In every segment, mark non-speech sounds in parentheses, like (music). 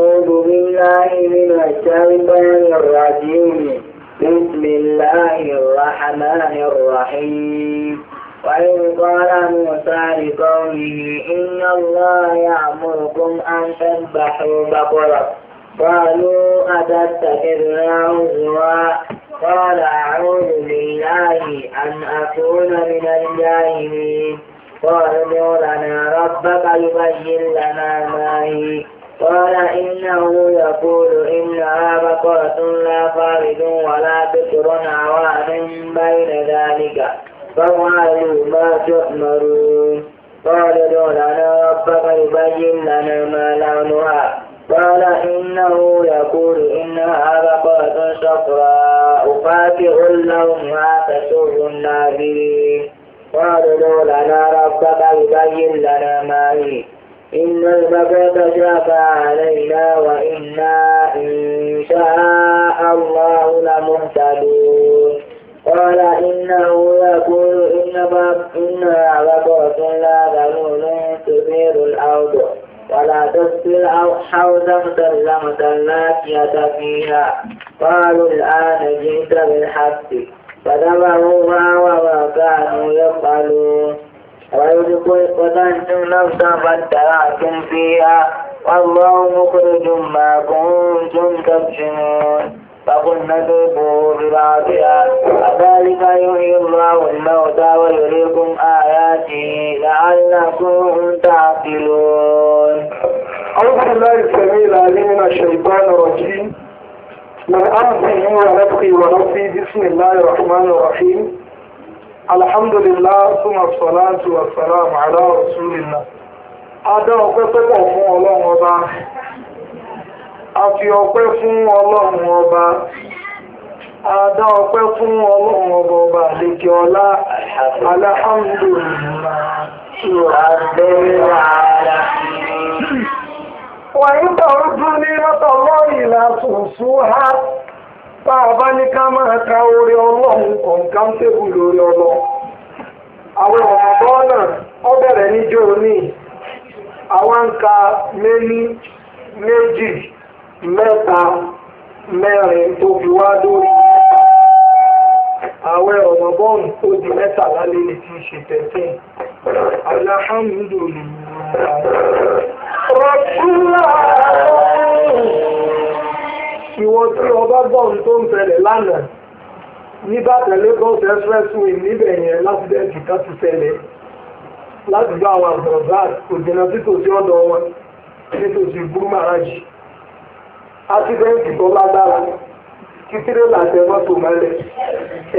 أعوذ بالله من الشيطان الرجيم بسم الله الرحمن الرحيم وإذ قال موسى لقومه إن الله يأمركم أن تذبحوا بقرة قالوا أتتخذنا هزوا قال أعوذ بالله أن أكون من الجاهلين قالوا لنا ربك يبين لنا ما هي قال إنه يقول إنها بقرة لا خالد ولا بكر عوام بين ذلك فقالوا ما تؤمرون قال ادع ربك يبين لنا ما لونها قال إنه يقول إنها بقرة صفراء فاتع لونها تسر الناظرين قالوا ادع لنا ربك يبين لنا ما هي إن البسط شاف علينا وإنا إن شاء الله لمهتدون قال إنه يقول إنما إنها بقرة لا ذلول تثير الأرض ولا تسقي حوزا سلمة لا فيها قالوا الآن جئت بالحق فذبحوها وما كانوا يفعلون ويذق وتنجم نفسا فادرعتم فيها والله مخرج ما كنتم تكتمون فقلنا اذوقوا ببعضها وذلك يحيي الله الموتى ويريكم آياته لعلكم تعقلون أعوذ بالله السميع العليم من الشيطان الرجيم من أمسه ونفخي ونفسي بسم الله الرحمن الرحيم alhamdulillah súnmọ̀ sọ́láàtù wàsálàmù àlá rasulillah adá ọpẹ́ tó pọ̀ fún ọlọ́run ọba a fi ọpẹ́ fún ọlọ́run ọba adá ọpẹ́ fún ọlọ́run ọba ọba àlejò ọlá alhamdulillah wàyí ní ha. bá a bá ní ká máa ka orí ọlọ́run kọ̀ǹkà ń tèbù lórí ọlọ́ àwọn ọ̀rọ̀ náà ó bẹ̀rẹ̀ níjọ́ òní àwọn ń ka méní méjì mẹ́ta mẹ́rin tó fi wá lórí àwẹ̀ ọ̀mọ̀bọ́ọ̀nù ó di mẹ́tàlá lélẹ̀ tí í ṣe tẹ̀sẹ̀ alhamdulilayi ìwọ tí ọba gbọ́n tó ń tẹ̀lẹ̀ lánàá nígbà tẹ̀lé gọ́ọ̀sì expressway níbẹ̀ yẹn lásìdẹ́ǹtì ká ti tẹ̀lẹ̀ láti gba àwọn àgbọ̀nbá òjìnà títòsí ọ̀dọ̀ wọn nítòsí búrúmàrájì ásídẹ́ǹtì tó lágbára títílé làtẹ̀ mọ́tò mẹ́lẹ̀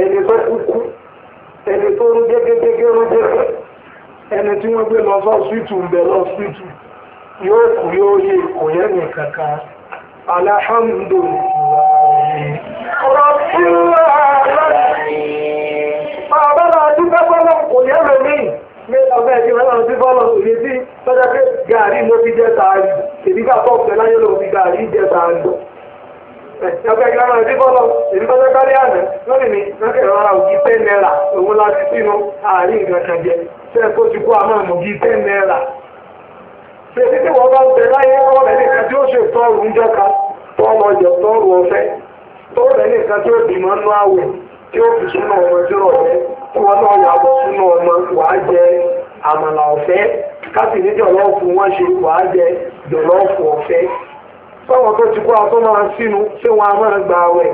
ẹni tó kúkú ẹni tó rú gégégégé rú gégé ẹni tí wọ́n gbé lọ sọ́ọ̀sì tù ń bẹ̀ lọ́ọ̀sì tù yóò kú yóò yé kò yẹ́ nìkankan. الحمد لله رب العالمين bàbá máa dúpẹ́ fọ́lọ́ kò ní ẹ̀rọ mi ní ọgbẹ́ ẹ̀jẹ̀ máa ń dúpẹ́ fọ́lọ́ kò ní sí tọ́jà pé gàrí mo Ṣèṣí tí wọ́n bá ń bẹ láyé ọ̀rẹ́ nìkan tí ó ṣe tọ́rù ń jọ́ka tọ́rọ ọjọ́ tọ́rù ọ̀fẹ́ tó rẹ̀ nìkan tí ó bímọ nú àwẹ̀ tí ó fi súnú ọmọ tí rọ̀ ọ̀fẹ́ tí wọ́n náà yàgò súnú ọmọ wàá jẹ àmàlà ọ̀fẹ́ káàsì ní jọ̀lọ́ọ̀fù wọ́n ṣe wàá jẹ jọ̀lọ́ọ̀fù ọ̀fẹ́. Sọ́wọ́n tó ti kó aṣọ máa sínú tí wọ́n á máa gba àwẹ̀.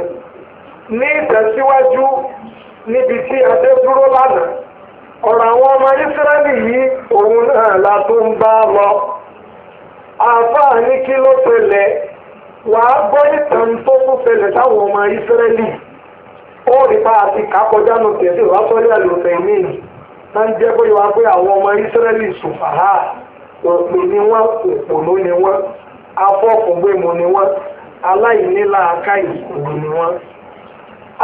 Ní ìtẹ̀síwájú ọ̀rọ̀ àwọn ọmọ Ísírẹ́lì yìí òun náà la tó ń bá lọ àáfàá ní kí ló fẹlẹ̀ wàá gbọ́ ìtàn tó tún fẹlẹ̀ táwọn ọmọ ìsírẹ́lì ó rí pa àti kákọjá nù tẹ̀sí ìwásọ́lẹ̀ àlùfẹ́ míì náà ń jẹ́ pé wá pé àwọn ọmọ ìsírẹ́lì sùfàhà òpè ni wọ́n òpònú ni wọ́n afọ́kùngbèmù ni wọ́n aláìníla akáyì òun ni wọ́n.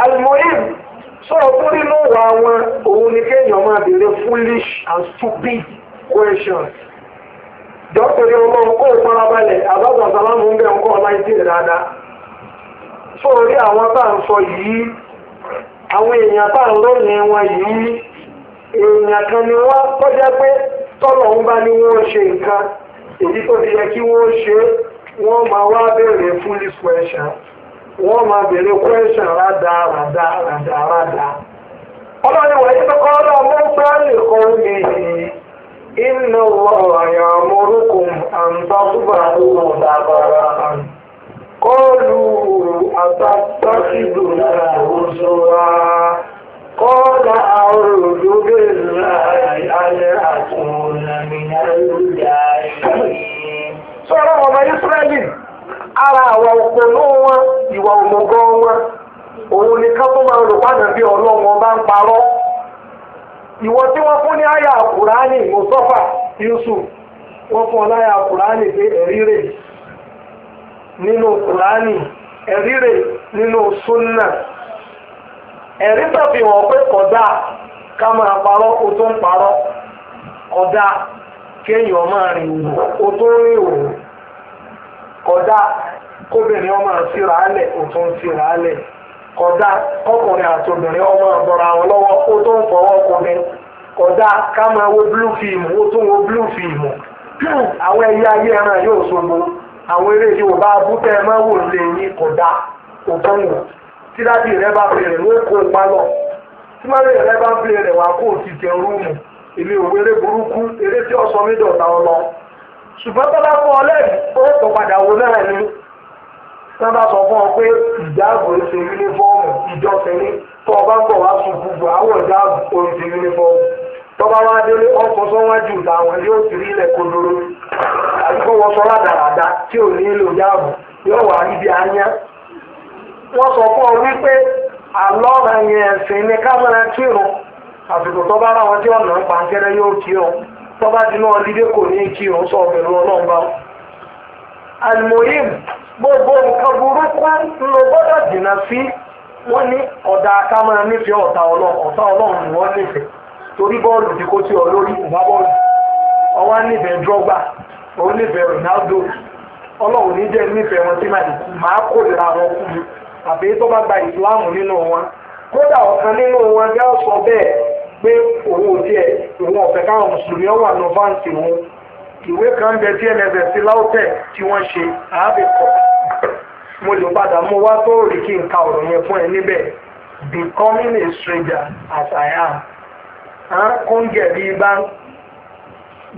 alimoyim sọ̀rọ̀ tó nínú wà wọn òun ni kéèyàn máa béèrè foolish and stupid questions. dọ́kítọ̀rì ọmọ nǹkó ìfarabalẹ̀ abalị sàlámù nke bẹ̀ nǹkó ọmọ ìdí ìdáadáa sórí awọn tá à ń sọ èèyàn yi. à ń lónìí wọn èèyàn kan ni wọ́n tọ́já pé tọ́lọ̀ ń bá ní ṣe nǹkan èyí tó ti yẹ kí wọ́n ṣe wọn máa wá bèèrè foolish question wọ́n máa bèèrè question rádà إن الله يأمركم أن تصبحوا بقرة قالوا أتتخذنا هزوا قال أعوذ بالله أن أكون من الجاهلين sọ̀rọ̀ ọmọ Ísírẹ́lì ara àwọn òpònú wọn ìwà òmùgọ̀ wọn òun ni ká tó máa rò pàdé bí Ọlọ́run bá ìwọ tí wọ́n fún ní àyà kùránì mùsọ́fà yusuf wọ́n fún ọ láyà kùránì pé ẹ̀rí rẹ̀ nínú kùránì ẹ̀rí rẹ̀ nínú súnà ẹ̀rí tàbí wọn pé kódà ká máa parọ́ o tó ń parọ́ kódà kéèyàn máa rìn òwò o tó ń rìn òwò kódà kóbìnrin ọmọ àti ràálẹ̀ o tó ń ti ràálẹ̀. kódà kọkùnrin àtòbìnrin ọmọ ọ̀bọ̀ra wọn lọ́wọ́ ó tó ń fọwọ́ kọmi kódà ká máa wo blue film ó tún wo film (clears throat) àwọn ẹyẹ ayé ẹran yóò ṣogbo àwọn eré Yorùbá abútẹ́ máa wò lè yí tí dájú rẹ bá fi ló kó pa lọ tí má rẹ bá fi ti rúùmù èmi ò wéré burúkú eré tí mi dọ̀tà ọ tí wọ́n bá sọ fún ọ pé ìdáàbò ọba yúnífọ́ọ̀mù ìjọsìn ní tó o ń bọ̀ wá sùkú bù àwọ̀ ìdáàbò orí yúnífọ́ọ̀mù tó wá délé ọkọ̀ sọ́wájú làwọn yóò ti rí ilẹ̀ kodoro sọ ládàradà tí ò ní lò dáàbò yóò wà níbi ányá wọ́n sọ wípé ẹ̀sìn kámẹ́rà àsìkò ráwọn tí ọ̀nà pa yóò gbogbo nǹkan burúkú ló gbọ́dọ̀ jìnnà sí wọ́n ní ọ̀dà aká máa nífẹ̀ẹ́ ọ̀tá ọlọ́run ni wọ́n nífẹ̀ẹ́ torí bọ́ọ̀lù tí kò tí ọ lórí ìgbà Ronaldo ọlọ́run ní jẹ́ nífẹ̀ẹ́ wọn tí màá kórìíra wọn kú mi àbí tó bá gba ìsìláàmù nínú wọn kódà ọ̀kan nínú wọn jẹ́ ọ̀sọ̀ bẹ́ẹ̀ pé òun ò tiẹ̀ òun ìwé kan bẹ tí ẹnẹsẹ̀ sí láwùtẹ̀ tí wọ́n ṣe àábẹ̀ kọ̀ mo lè padà mú wá tó rí kí n ka ọ̀rọ̀ yẹn fún ẹ níbẹ̀ becoming a stranger as I am à ń kóńgẹ̀ bí bá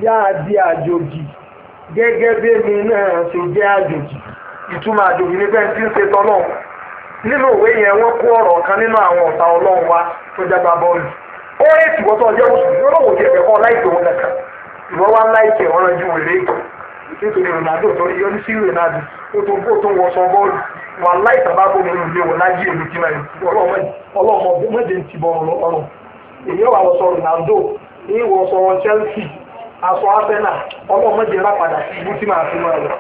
yáa di àjòjì gẹ́gẹ́ bí mi náà ṣe jẹ́ àjòjì ìtumọ̀ àjòjì ní tí ń ṣe tọ́lọ̀ nínú òwe yẹn wọ́n kó ọ̀rọ̀ kan nínú àwọn ọ̀tá ọlọ́run wa tó jágba bọ́ọ̀lù ó ètùwọ́tọ̀ ọjọ́ òṣù yóò lọ́wọ́ òjì ẹ̀kọ́ láìpẹ́ wọn kankan ìwọ́n wá ńlá ìkẹ́ ọ̀rọ̀ ju wèrè nítorí Ronaldo tó rí na sí Ronaldo ó tó bó tó sọ bọ́ọ̀lù wà láì sábà bó mi lè láyé èmi tí ọlọ́mọ ń ti bọ̀ ọ̀rọ̀ èyí wà sọ Ronaldo sọ Chelsea aṣọ Arsenal ọlọ́mọ padà sí ibú tí fi máa lọ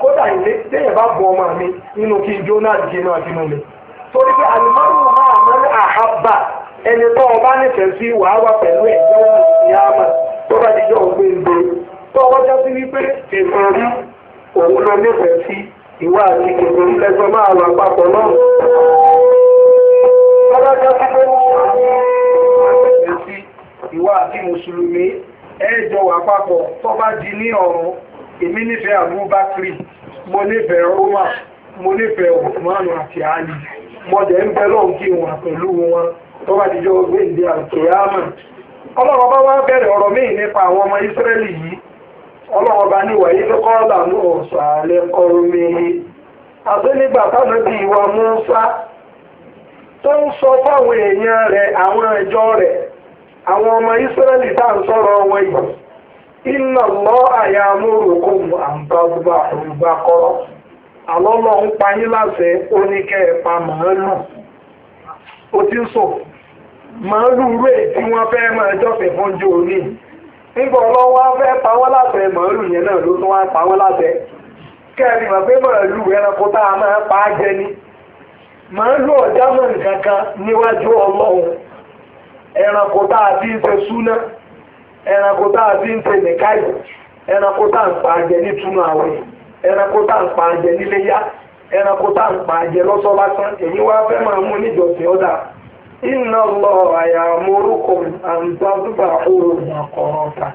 kódà ọmọ mi nínú kí n jóná àdìgẹ náà fi ẹni tó o bá nífẹ̀ẹ́ sí wàá wà pẹ̀lú ẹ̀ ìyáàmà tó bá jíjọ ògbé ìgbé tó wọ́n já sí wípé èèyàn rí òun lọ nífẹ̀ẹ́ sí ìwà àti ìgbèrò máa náà. Bọ́lá já sí pé nífẹ̀ẹ́ sí ìwà àti mùsùlùmí ẹ̀ẹ́jọ wà papọ̀ tó bá di ní ọ̀run èmi nífẹ̀ẹ́ mo nífẹ̀ẹ́ Roma mo nífẹ̀ẹ́ tó bá dijọ́ gbèǹde àkèámà ọlọ́run ọba wá bẹ̀rẹ̀ ọ̀rọ̀ míì nípa àwọn ọmọ ìsírẹ́lì yìí ọlọ́run bá ní wàyí ló kọ́ làánú ọ̀sàlẹ̀ àti nígbà bí ìwà tó ń sọ fáwọn ọmọ ìsírẹ́lì tá à ń sọ̀rọ̀ lọ àyà àlọ́ ń pa yín láṣẹ oníkẹ́ ẹ̀pà màálù. ó ti ń sọ máa ń lúurú tí wọ́n fẹ́ máa jọ́sìn fún jù ní nígbà ọlọ́wọ́ fẹ́ pa wọ́n màálù yẹn náà ló tún wá pa wọ́n pé màálù ẹranko tá a máa pa á jẹ ni màálù ọ̀já mọ̀ nǹkan níwájú ọlọ́run ẹranko tá a ti ń súná ẹranko tá a ti ń ẹranko tá a ń pa á ẹranko tá a ń pa ẹranko tá à ń pa àjẹ lọ́sọ́ lásán èyí wá fẹ́ máa mú níjọsìn ọ̀dà iná lọ àyà morúkọ àǹtàdúbà òru àkọ́rọ́ta.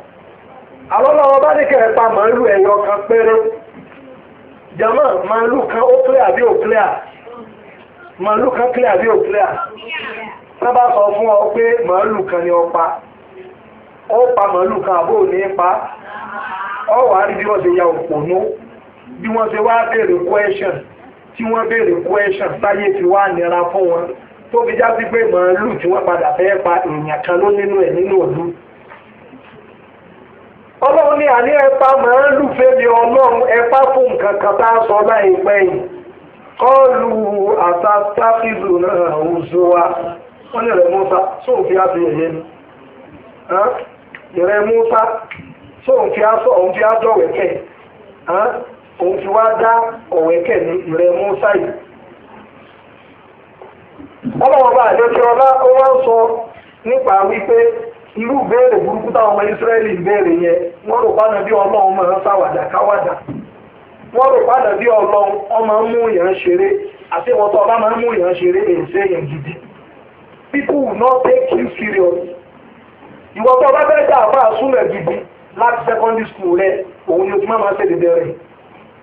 àlọ́lọ́wọ́ bá ní kẹ́ẹ̀ pa màálù ẹ̀yọ kan péré jama màálù kan ó clear bí ó clear màálù kan clear bí ó clear sábà sọ fún ọ pé màálù kan ni ọ pa ó pa màálù kan àbó ní pa ọ wàá rí bí wọ́n ṣe ya òpònú bí wọ́n ṣe wá béèrè question. tí wọ́n béèrè question táyé ti wá nira fún wọn tó fi já sí pé màálù tí wọ́n padà fẹ́ pa èèyàn kan ló nínú ẹ̀ nínú òlu. ọlọ́run ní àní ẹ̀pá màálù fẹ́mi ọlọ́run ẹ̀pá fún nǹkan kan tá a sọ láìpẹ́ yìí kọ́ọ̀lù àtàtàfíìlù náà òzò wa wọ́n ní rẹ̀ mọ́ta sóòfin àti ẹ̀yẹ ni ìrẹ̀ mọ́ta sóòfin àtọ̀ òun fi àjọ̀wẹ̀kẹ̀ òun fi wá dá ọ̀wẹ́kẹ̀ ní rẹ̀ mú sáyì ọlọ́wọ́ ọba àlejò ọlá ó wá sọ nípa wípé irú béèrè burúkú táwọn ọmọ yẹn wọ́n rò pánà bí ọlọ́run máa ń ṣàwàdà káwàdà wọ́n rò pánà bí ọlọ́run ọmọ mú ọba máa ń mú yàn ṣeré èsè gidi people not take you serious bẹ́ẹ̀ dà bá a gidi láti secondary school rẹ ma ṣe dédé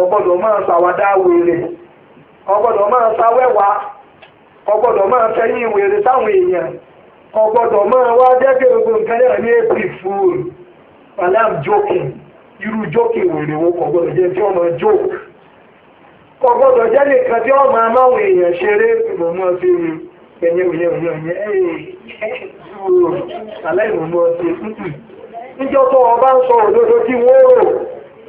ọgbọ́dọ̀ máa ṣàwádà wèrè ọgbọ́dọ̀ máa ṣàwẹ́wà ọgbọ́dọ̀ máa fẹ́yìn wèrè sáwọn èèyàn ọgbọ́dọ̀ máa wá jẹ́gẹ́ gbogbo nǹkan náà ní april fool and joking irú joking wèrè wo ọgbọ́dọ̀ jẹ́ tí wọ́n joke ọgbọ́dọ̀ jẹ́ nìkan tí èèyàn ṣeré sí ẹ̀yẹ òyẹ òyẹ òyẹ ẹ̀yẹ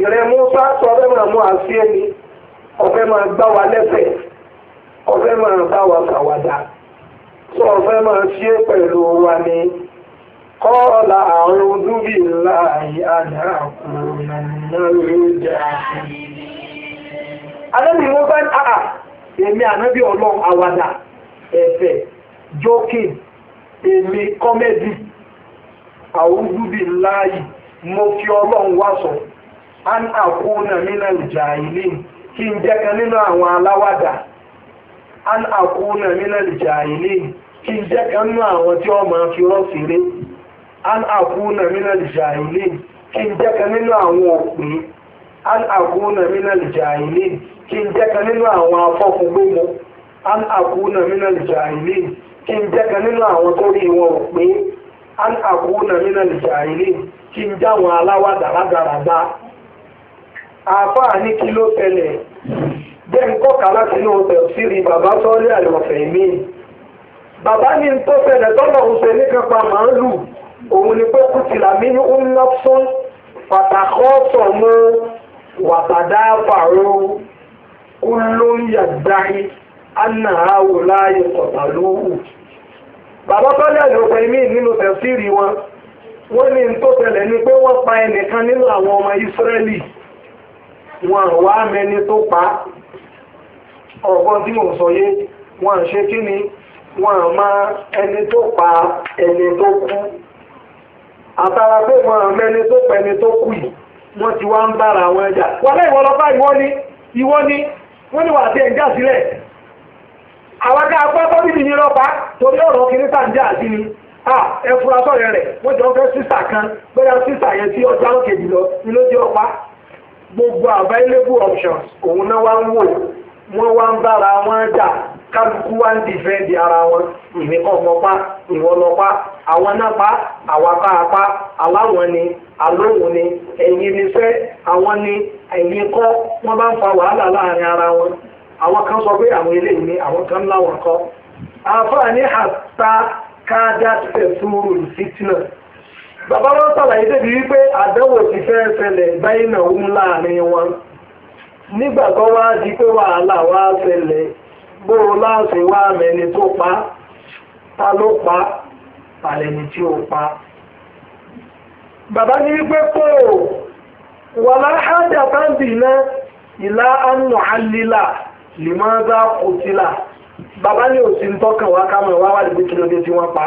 ìrẹ́ Mùsá sọ ọ̀fẹ́ máa mú àṣì ẹni ọ̀fẹ́ máa gbá wa lẹ́fẹ̀ẹ́ ọ̀fẹ́ máa bá wa ṣàwàdà sọ ọ̀fẹ́ máa ṣe pẹ̀lú wa ni kọ́ọ̀lá àrùn dúbì ńlá àyà àkùnrin náà ló jẹ́ àṣìlẹ̀. alẹ́bí wọ́n bá àà èmi ànábì ọlọ́run àwàdà ẹ̀fẹ̀ jókìn èmi kọ́mẹ́dì àrùn dúbì ńlá yìí mo fi ọlọ́run wá sọ̀rọ̀. an àkúnà nínú ìjà ìlú kí n jẹ́ kan nínú an àkúnà nínú ìjà kí n jẹ́ kan nínú àwọn tí wọ́n máa fi an àkúnà nínú ìjà kí n jẹ́ kan nínú àwọn an àkúnà nínú ìjà kí n jẹ́ kan nínú àwọn gbogbo an àkúnà nínú ìjà kí n jẹ́ kan nínú àwọn tó rí wọn an àkúnà nínú ìjà kí n jẹ́ àwọn aláwàdà àáfàá ní kí ló tẹlẹ̀ jẹ́ ń kọ́ka láti inú tẹ̀síìrì bàbá sọ́ọ́lì àlọ́fẹ̀ mi. bàbá ní n tó tẹlẹ̀ tọ́lọ̀ ọ̀sẹ̀ níkànpá màálù òun ni pé kùtìlà mi ní ó ń lọ́pọ̀ pàtàkọ́ sọ̀ mú wàtàdá fàró kúló ń yàdáyé anáhàwò láàyè kọ̀tàlóhù. bàbá sọ́ọ́lì àlọ́fẹ̀ mi nínú tẹ̀síìrì wọn wọ́n ní n tó tẹlẹ̀ ni pé wọ́n pa ẹnìkan nínú àwọn ọmọ Ísírẹ́lì wọn wá mẹni tó pa ọ̀gbọ́n tí mò ń sọ yé wọn ṣe kí ni wọn mọ ẹni tó pa ẹni tó kú àtàrà pé wọn mẹni tó pa ẹni tó kú yìí wọ́n ti wá ń bára wọn ẹjà wọ́n lẹ́yìn wọ́n lọ bá ìwọ́ ni ìwọ́ ni wọ́n ni wà sí ẹ̀já sílẹ̀ àwọn ká apá tó bíbí yín lọ́pàá torí ọ̀rọ̀ kiri tá à ń jà sí ni ẹ̀fúra sọ̀rọ̀ rẹ̀ wọ́n jọ fẹ́ sísà kan bóyá sísà yẹn tí ọjà òkèjì lọ ni ló jẹ́ ọ̀pá gbogbo available options òun náà wá ń wò wọ́n wá ń bára wọn jà kálukú wá ara wọn ìmíkọ́ ọmọpá ìwọlọpá àwọn náà pa àwapá apá aláwọn ni alóhùn ni ni àwọn ni kọ́ fa wàhálà láàrin ara wọn àwọn kan sọ pé àwọn eléyìí ni àwọn kan láwọn kọ́ àfáà ní àtà káàdá bàbá wọn sàlàyé débi wípé àdánwò ti fẹ́ ṣẹlẹ̀ báyìí náà ń láàrin wọn nígbà tó wá di pé wàhálà wá ṣẹlẹ̀ bóòrò láàṣẹ wá mẹni tó pa ta ló pa àlẹni tí ó pa. bàbá ní wípé kó o wà láhájà táǹdì náà ìlà àánú àlìlà lèmọ́dá kùtìlà bàbá ní òsì ń tọ́kàn wá wá kí tí wọ́n pa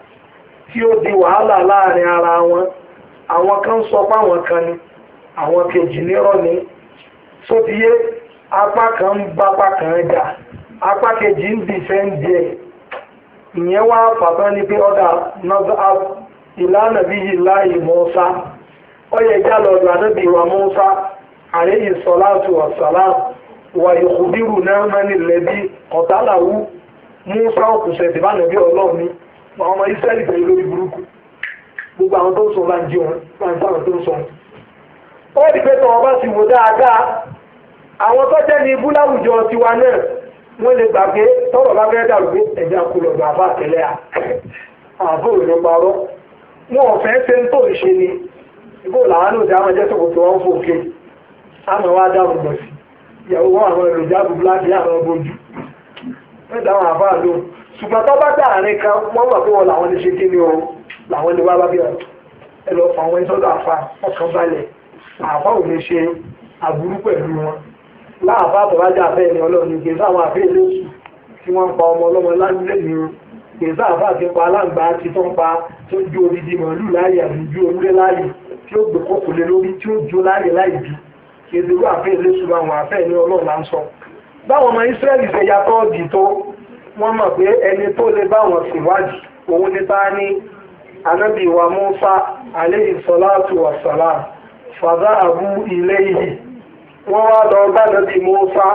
tí ó di wàhálà láàrin ara wọn àwọn kan sọ páwọn kan ni àwọn kejì nírọ̀ ni sótìyé apá kan ń bápá kan jà apá kejì ń dìfẹ́ǹdì ẹ̀ ìyẹn wá fàtán ni pé ọ̀dà ìlànà bíi láì mọ́sá ọyẹ jálọ ọ̀dọ̀ ànábì wa Musa àléyé sọláàtù wàsálàm wà ìkùdírù náà mẹ́ni lẹ́bí ọ̀tálàwú Musa òkùnṣẹ́ tìbánàbí ọlọ́ọ̀ni àwọn ọmọ Ísírẹ́lì pẹ̀lú lórí burúkú gbogbo àwọn tó ń sọ láǹjì wọn máa ń sáwọn tó ń sọ. ó rí pé tọ́wọ́ bá sì wò dáadáa àwọn tó jẹ́ ní ibú láwùjọ tiwa náà wọ́n lè gbà pé tọ́rọ̀ bá fẹ́ dàrú pé ẹ̀jẹ̀ àkùlọ̀ gbà fà tẹ́lẹ̀ à àbò ní parọ́ wọn ò fẹ́ ṣe ń tó ìṣe ni ìbò làwọn òde àwọn ẹjẹ́ sọ̀kòtò wọn fò ké àmọ́ wá dáhùn bọ̀ sí ìyàwó wọn àwọn èròjà àbúgbò láti àwọn ọgbọ́jú mẹ́ta àwọn àbá lóhùn ṣùgbọ́n tó bá dà àárín kan wọ́n mọ̀ pé wọn làwọn lè ṣe kí ni o làwọn lè wá bá bí ọ ẹ lọ fà wọn sọ́dọ̀ àfa ọkàn balẹ̀ àfa ò lè ṣe aburú pẹ̀lú wọn láàfà àtọ̀bájà bẹ́ẹ̀ ni ọlọ́run gbé sáwọn àfẹ́ ilé òsù tí wọ́n ń pa ọmọ ọlọ́mọ lálẹ́ ni o gbé sáàfà ti pa aláǹgbá ti tó ń pa tó ń ju odidi màálù láàyè àbí ju ewúrẹ́ láàyè tí ó gbé kókò lé lórí tí ó ju láàyè láì bí kí ezeru àfẹ́ ilé òsù àwọn àfẹ́ ni ọlọ́run là ń sọ báwọn ọmọ Ísírẹ́lì ṣe yàtọ̀ ọ̀dì tó wọ́n mọ̀ pé ẹni tó lè bá wọn ṣèwádìí òun ní bá ní anábì wa Mùsá alayhi salatu wa salam fàdá àbú ilé yìí wọ́n wá lọ bá anábì Mùsá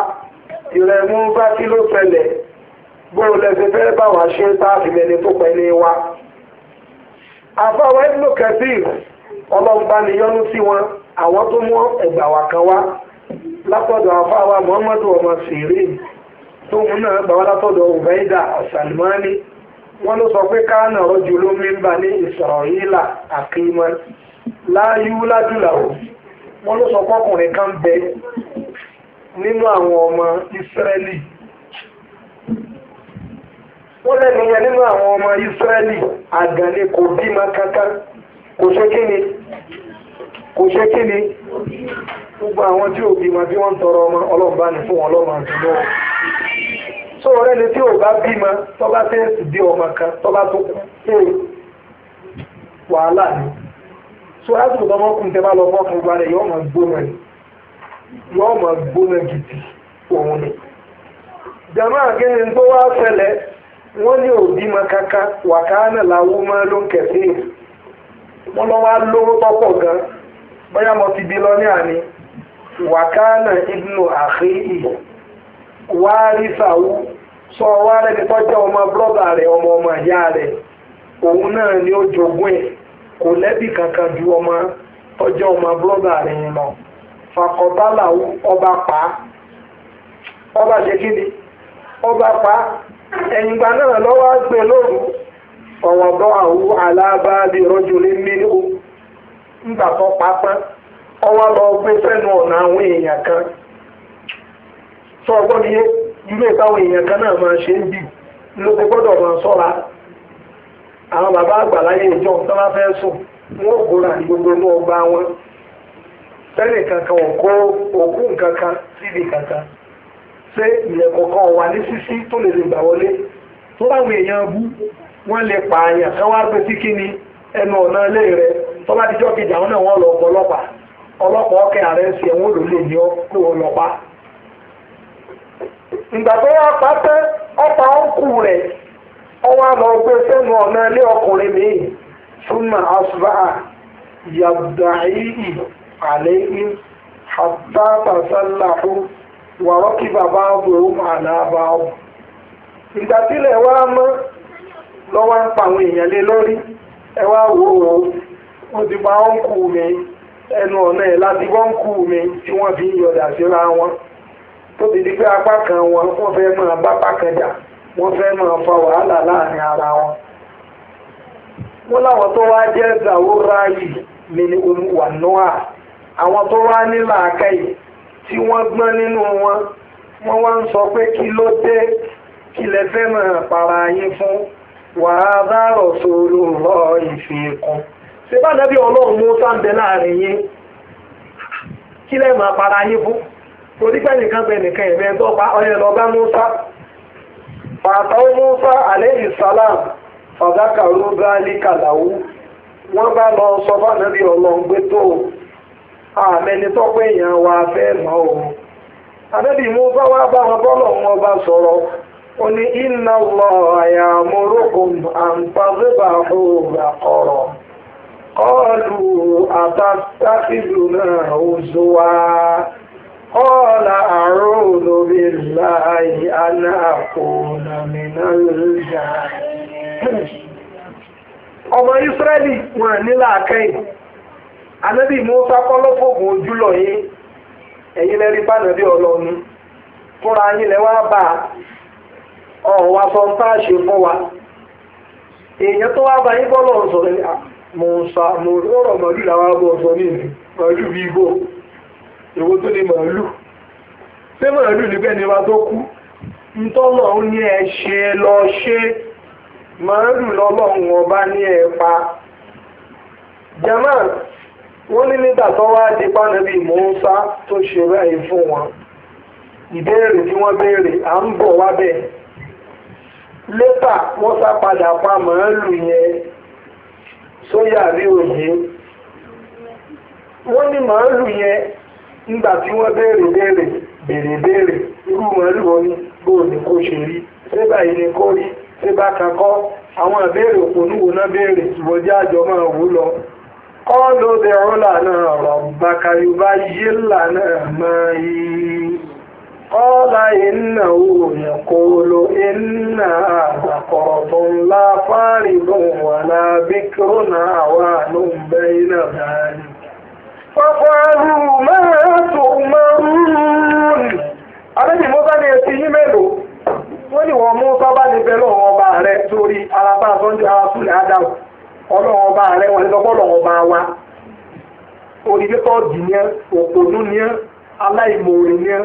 ìrẹ̀ Mùsá kí ló ṣẹlẹ̀ bóun lẹ́sẹ̀ fẹ́ bá wà ṣe táàfì lẹ́ni tó pẹ́ ní wa. àfáwọn ẹ̀dùnú kẹsìr ọlọ́mùbá ni yọ́nú sí wọn àwọn tó mú ẹgbàá wà kan wá látọ̀dọ̀ àfáwọn Muhammadu ọmọ sèrèé tó wọn náà gbà wá látọ̀dọ̀ ọ̀bẹ́dà ọ̀sàlùmọ́ni wọ́n ló sọ pé káànà rọ́jò ló ń bá ní ìsọ̀rọ̀yìnlá àkímọ́ láyú ládùláwò wọ́n ló sọ pọ́kùnrin kan bẹ nínú àwọn ọmọ ìsírẹ́lì wọ́n lẹ́nu yẹn nínú àwọn ọmọ ìsírẹ́lì àgànnì kò bímọ kankan kò ṣe kí ni kò ṣe kí ni gbogbo àwọn tí ma bí wọ́n tọrọ ọmọ ọlọ́ọ̀bá ni fún wọn lọ́wọ́ àdúgbò rẹ̀ ni tí ò bá ma tọ́ba tẹ́sì bí ọmọ kan tó kú wàhálà ni so lásìkò tọmọ kùn tẹ́ bá lọ fọ́ fún gbàrẹ̀ yóò máa gbóná ni yóò máa gbóná gidi òun ni. jama akínní tó wá fẹlẹ̀ wọ́n ní òbí ma kaka wàkánà làwọn máa ló ń lówó tọ́pọ̀ gan bóyá mo ti bí lọ́ní àní wàkánà ibnu àkéyì wáárí sàwú sọ wáárẹ́ ni tó jẹ́ ọmọ bọ́dà rẹ̀ ọmọ ọmọ ìyá rẹ̀ òun náà ni ó jogún ẹ̀ kò lẹ́bí kankan ju ọmọ tó jẹ́ ọmọ bọ́dà rẹ̀ yẹn lọ fàkọ̀bálàwú ọba pa ọba ṣe kí ni ọba pa ẹ̀yìngbà náà lọ́wọ́ gbé lóru ọ̀wọ̀dọ́ àwú alábàádì rọ́jò lé mílíọ̀nù. ńgbà tó papá ọwọ́ lọ gbé sẹ́nu ọ̀nà àwọn èèyàn kan sọ ọgbọ́n mi yé irú ìtàwọn èèyàn kan náà máa ṣe ń bì ló ti gbọ́dọ̀ máa sọ́ra àwọn bàbá àgbàláyé ìjọ tó bá fẹ́ sùn wọn ò gbóra gbogbo inú ọgbà wọn sẹ́nì kankan ò kó òkú síbi kankan ṣé ilẹ̀ wà ní sísí tó lè lè gbà wọlé tọ́ba ti jọ́ kejì àwọn náà wọ́n lọ ọkọ̀ ọlọ́pàá ọlọ́pàá ọkẹ́ ààrẹ ń ṣe ní wọ́n ìgbà tó wá ọ̀pá rẹ̀ ọwọ́ lọ gbé sẹ́nu ọ̀nà ilé ọkùnrin mi súnmọ́ àṣùbà yàgbàáyì àlẹ́yìn bàbá ìgbà tílẹ̀ wá mọ́ lọ́wọ́ mo ti pa ọ́nkù mi ẹnu ọ̀nà ẹ̀ láti bọ́ǹkù mi tí wọ́n fi ń yọ̀dà síra wọn tó ti di pé apá kan wọn wọ́n fẹ́ máa bá pákan jà wọ́n fẹ́ máa fa wàhálà láàrin ara wọn. wọ́n láwọn tó wá jẹ́ zàwúrà yìí mi ni olùwà noah àwọn tó wá ní làákàyè tí wọ́n gbọ́n nínú wọn wọ́n wá ń sọ pé kí ló dé kí lẹ fẹ́ máa para yín fún wàhálà rọ̀ sórí ọ̀rọ̀ ìfẹ́ ṣe bá nàbí ọlọ́run mú sáńdẹ láàrin yín kí lẹ́ẹ̀ máa para yín fún torí pé nìkan pé nìkan ìrẹ́ tó pa ọyẹ lọ bá Musa pàtàkì Musa aleyhi salam fàdákà wọ́n bá lọ sọ bá nàbí ọlọ́run gbé tó èèyàn wa fẹ́ mọ́ òun wá bá wọn bọ́lọ̀ wọn bá sọ̀rọ̀ ó ní قالوا أتتخذنا هزوا قال أعوذ بالله أن أكون من الجاهلين ọmọ Ísírẹ́lì wọn nílà akẹ́yìn anábì Mùsá kọ́lọ́fòògùn ojúlọ yín ẹ̀yin lẹ́rí bánàbí fúnra lẹ́wọ́ bá sọ ń tá a ṣe fún wa èèyàn tó wá bá yín bọ́lọ̀ sọ̀rọ̀ mo sa mo rọrọ̀ màálù làwọn abọ́ sọ ní ìlú màálù bí igbó èwo tó ní màálù ṣé màálù níbẹ̀ ni wa tó kú ntọ́lọ̀ ó ní ẹ ṣe lọ ṣe màálù lọ́lọ́run ọba ní ẹ pa jamaa wọ́n ní nígbà tó wá di pánàbí mọ́ńsá tó ṣe báyìí fún wọn ìbéèrè tí wọ́n béèrè à ń bọ̀ wá lẹ́tà wọ́n sá padà pa màálù yẹn soya rí òye wọ́n ní màálù yẹn nígbà tí wọ́n béèrè béèrè béèrè béèrè irú màálù wọn ní bóò ní kó ṣe rí ṣé báyìí ni kó rí ṣé bá kakọ́ àwọn ìbéèrè òpònúwò náà béèrè ìwọ́jẹ́ àjọ máa wú lọ kọ́ ló dẹ̀ yé máa قال إنه يقول إنها بقرة لا فارض ولا بكر عوان بين ذلك ففعلوا ما تؤمرون Ànábì Mùsá ní etí Wọ́n ní wọ́n mú sọ́bà níbẹ̀ lọ́wọ́ ọba rẹ̀ torí alábá sọ́njọ́ asúlẹ̀ Ádámù. Ọlọ́wọ́ ọba rẹ̀ wọ́n ní sọ́kọ́ ọba wa. Orí pípọ́ dì ní ẹ́, òpònú ní ẹ́, ní ẹ́.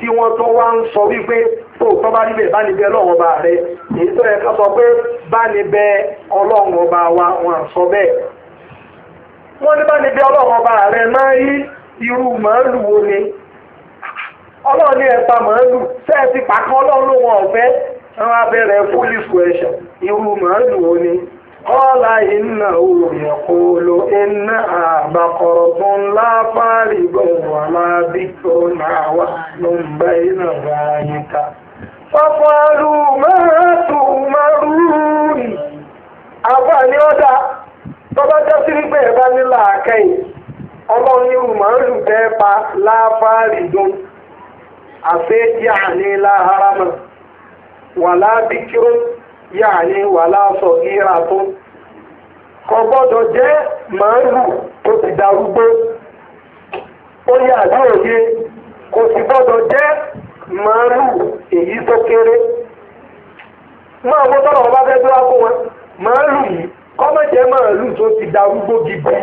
tí wọ́n tó wá ń sọ wípé tó tọ́ bá níbẹ̀ bá níbẹ̀ ọlọ́run ọba rẹ̀ èyí tó yẹ ká sọ pé bá níbẹ̀ ọlọ́run ọba wa wọn à sọ bẹ́ẹ̀. wọ́n ní bá níbẹ̀ ọlọ́run ọba rẹ̀ máa yí irú màálù wo ni ọlọ́run ní ẹ̀ta màálù sẹ́ẹ̀ ti pàkọ́ ọlọ́run ló wọn ọ̀fẹ́ wọn abẹ́rẹ́ fúlì fúẹ̀ṣọ̀ irú màálù wo ni. قال إنه يقول إنها بقرة لا فارض وما ذكر عوان بين ذلك فقالوا ما تؤمرون àbáni ọ̀dà tọ́ba jẹ́ sí wípé ẹ̀ bá nílà àkẹ́yìn ọlọ́run ní màálù bẹ́ẹ̀ pa láfáàrí dùn àfẹ́jà ní láhàrámà wà lábíkírún yáàní wà láàṣọ ìhà tó kò gbọ́dọ̀ jẹ́ màálù tó ti darúgbó ó yà ní òye kò sì gbọ́dọ̀ jẹ́ màálù èyí tó kéré máa mú tọrọ ọba fẹẹ dúró fún wọn màálù yìí kọ́mọ̀jẹ́ màálù tó ti darúgbó gidi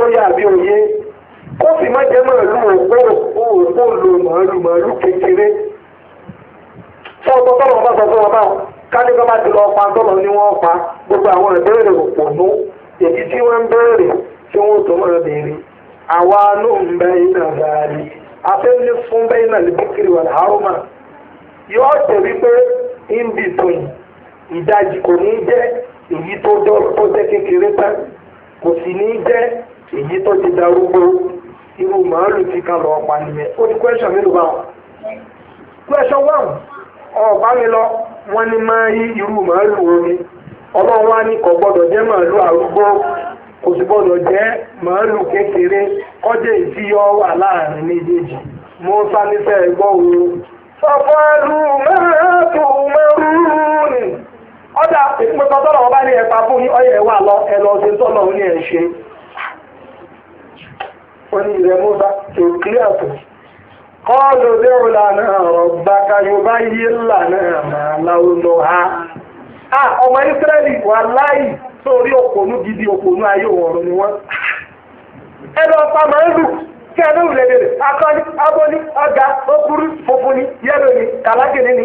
ó yà ní òye kó sì má jẹ́ màálù òpó òpó lo màálù màálù kékeré fún ọtọ tọrọ ọba sọ fún ọba wọn. káni kọ́ bá ti lọ pa tọ́lọ̀ ní wọ́n pa gbogbo àwọn ìbéèrè òpònú èyí tí wọ́n ń béèrè tí wọ́n tó mọ̀ béèrè àwa ló ń bẹ iná gàárì afẹ́ni fún bẹ iná lẹ́bíkiri wà láhùmá yóò tẹ̀ wípé in ìdajì kò ní wọ́n ní máa yí irú màálù omi ọlọ́run wá ní kò gbọ́dọ̀ jẹ́ màálù arúgbó kò sì gbọ́dọ̀ jẹ́ màálù kékeré kọ́jẹ́ ìdíyọ́ wà láàrin méjèèjì mo sánífẹ́ gbọ́ òru. sọ̀fọ́lù máa tó mẹ́rún ni ọjà ìpínpẹ́ tọ́lọ̀ wọn bá ní ẹ̀pà fún ọyẹ lọ ẹ lọ sí tọ́lọ̀ ní ẹ̀ ṣe. wọ́n ní ilẹ̀ قالوا ادع لنا ربك يبين لنا ما لونها ah ọmọ israẹli wà láì sórí òkòónú gidi òkòónú ayé ọ̀rọ̀ ni wọ́n. ẹ lọ pa màálù kí ẹ lóun lè akọni abọni ọgá okuru funfun ni yẹlò ni kàlákìnní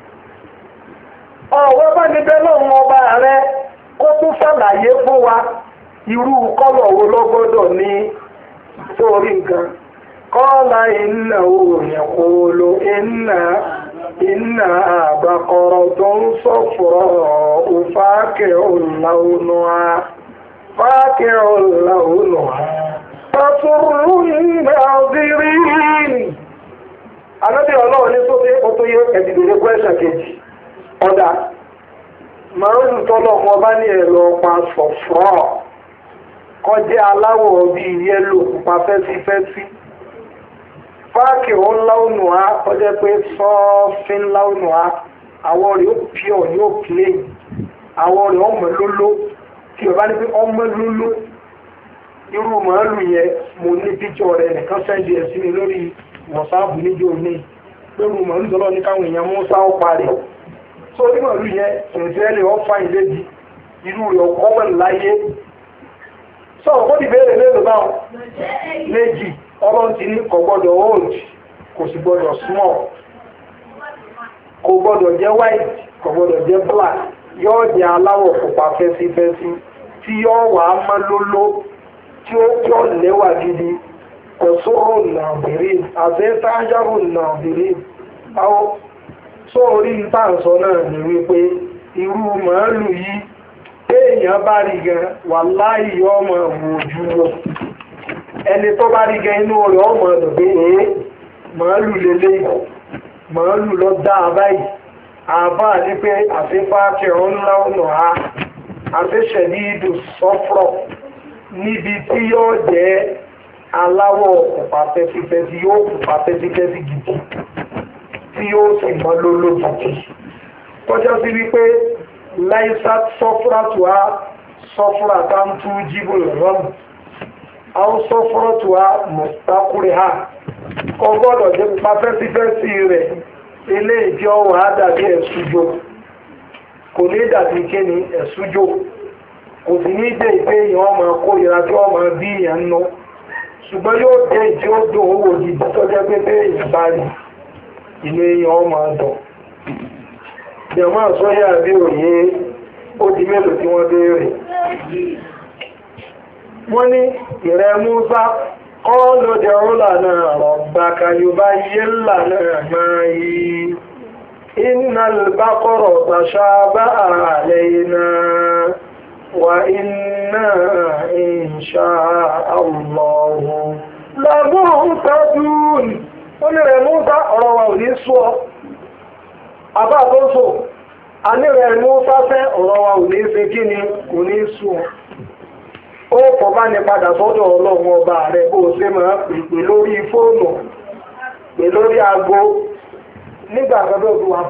ọ̀wọ́ bá níbẹ̀ lọ́run ọba rẹ kó tún ṣàlàyé fún wa irú kọ́lọ̀ wo ló gbọ́dọ̀ ní sórí nǹkan kọ́lá iná òòyìn kòòlò iná iná tó ń sọ̀fọ̀ òfáàkẹ́ òláhùnú a fáàkẹ́ ọlọ́run ní ọ̀dà màrúùn tọ́lọ̀ wọn bá ní ẹ̀rọ pa sọ̀fọ́rọ̀ kọjá aláwọ̀ bíi yẹ́lò pupa fẹ́sífẹ́sí páàkì ó ńlá ònù á kọjá pé sọ́ọ́fín ńlá ònù á àwọ̀ rẹ̀ ó pure ní òpìlẹ̀ àwọ̀ rẹ̀ ọmọ lóló tí o bá ní pé ọmọ lóló irú màálù yẹn mo ní píjọ rẹ̀ nìkan sẹ́ndì ẹ̀ sí mi lórí wọ̀sáàbù níjọ́ ní lórí màálù tọ́lọ́ ní káwọn èèyàn mú sáà ó parẹ́ so onímọ̀ ìlú yẹn ṣẹ̀ṣẹ̀ lè wọ́n fa ilé di irú rẹ̀ ọkọ̀ wẹ̀ láyé So ọ̀pọ̀ ti béèrè léèrè náà méjì ọlọ́run ti ní kò gbọ́dọ̀ old kò sì gbọ́dọ̀ small kò gbọ́dọ̀ jẹ́ white kò gbọ́dọ̀ jẹ́ black yóò jẹ́ aláwọ̀ pupa fẹ́sífẹ́sí tí yóò wà á mọ́ lóló tí ó pọ̀ lẹ́wà gidi kò sóró nàbìrín àti tájárò nàbìrín àwọn só orí táǹsọ náà ní wípé irú màálù yìí téèyàn bá rí gan wàláì ọmọ òjú lọ ẹni tó bá rí gan inú rẹ̀ ọmọ ọ̀dọ̀ pé èé màálù lélẹ̀ màálù lọ dá a báyìí àbá ní pé àfífá kẹrùn ńlá ọ̀nà ha àfíṣẹ̀ ní ìdù sọ́frọ̀ níbi tí yóò jẹ́ aláwọ̀ pupa pẹ́sipẹ́sí yóò pupa gidi tí yóò sì mọ́ lólótìtì kọjá sí wípé laisat sọfúrátùá sọfúrátàntú jíbùl rọm àwọn sọfúrátùá mùsàkúrẹ́ ha ọgbọ́dọ̀ jẹ́ pa fẹ́sífẹ́sí rẹ̀ eléèdí ọwọ́ á dàbí ẹ̀sùjò kò ní dàbí kéni ẹ̀sùjò kò sì ní jẹ́ ìpé èèyàn ọmọ akóyira tí wọ́n máa bí èèyàn nù ṣùgbọ́n yóò jẹ́ ìdí ó dùn owó òdìdí tó jẹ́ pé pé èèyàn bá rí i ilé yẹn máa dùn jẹ̀mọ́ àsọ́yà bí òye ó di mélòó tí wọ́n béèrè wọ́n ní ìrẹ́ Musa kọ́ọ̀lù jẹun lànà ọ̀gbàkà yorùbá yé lànà máa yí iná ó ní rẹ̀ ọ̀rọ̀ wa ò ní sú ọ àbá tó sọ àní rẹ̀ Musa fẹ́ ọ̀rọ̀ wa ò ní ṣe kí kò ní sú ó kọ̀ bá ní padà sọ́dọ̀ ọlọ́run ọba rẹ̀ bó ṣe máa pèpè lórí fóònù pè lórí aago nígbà kan tó wà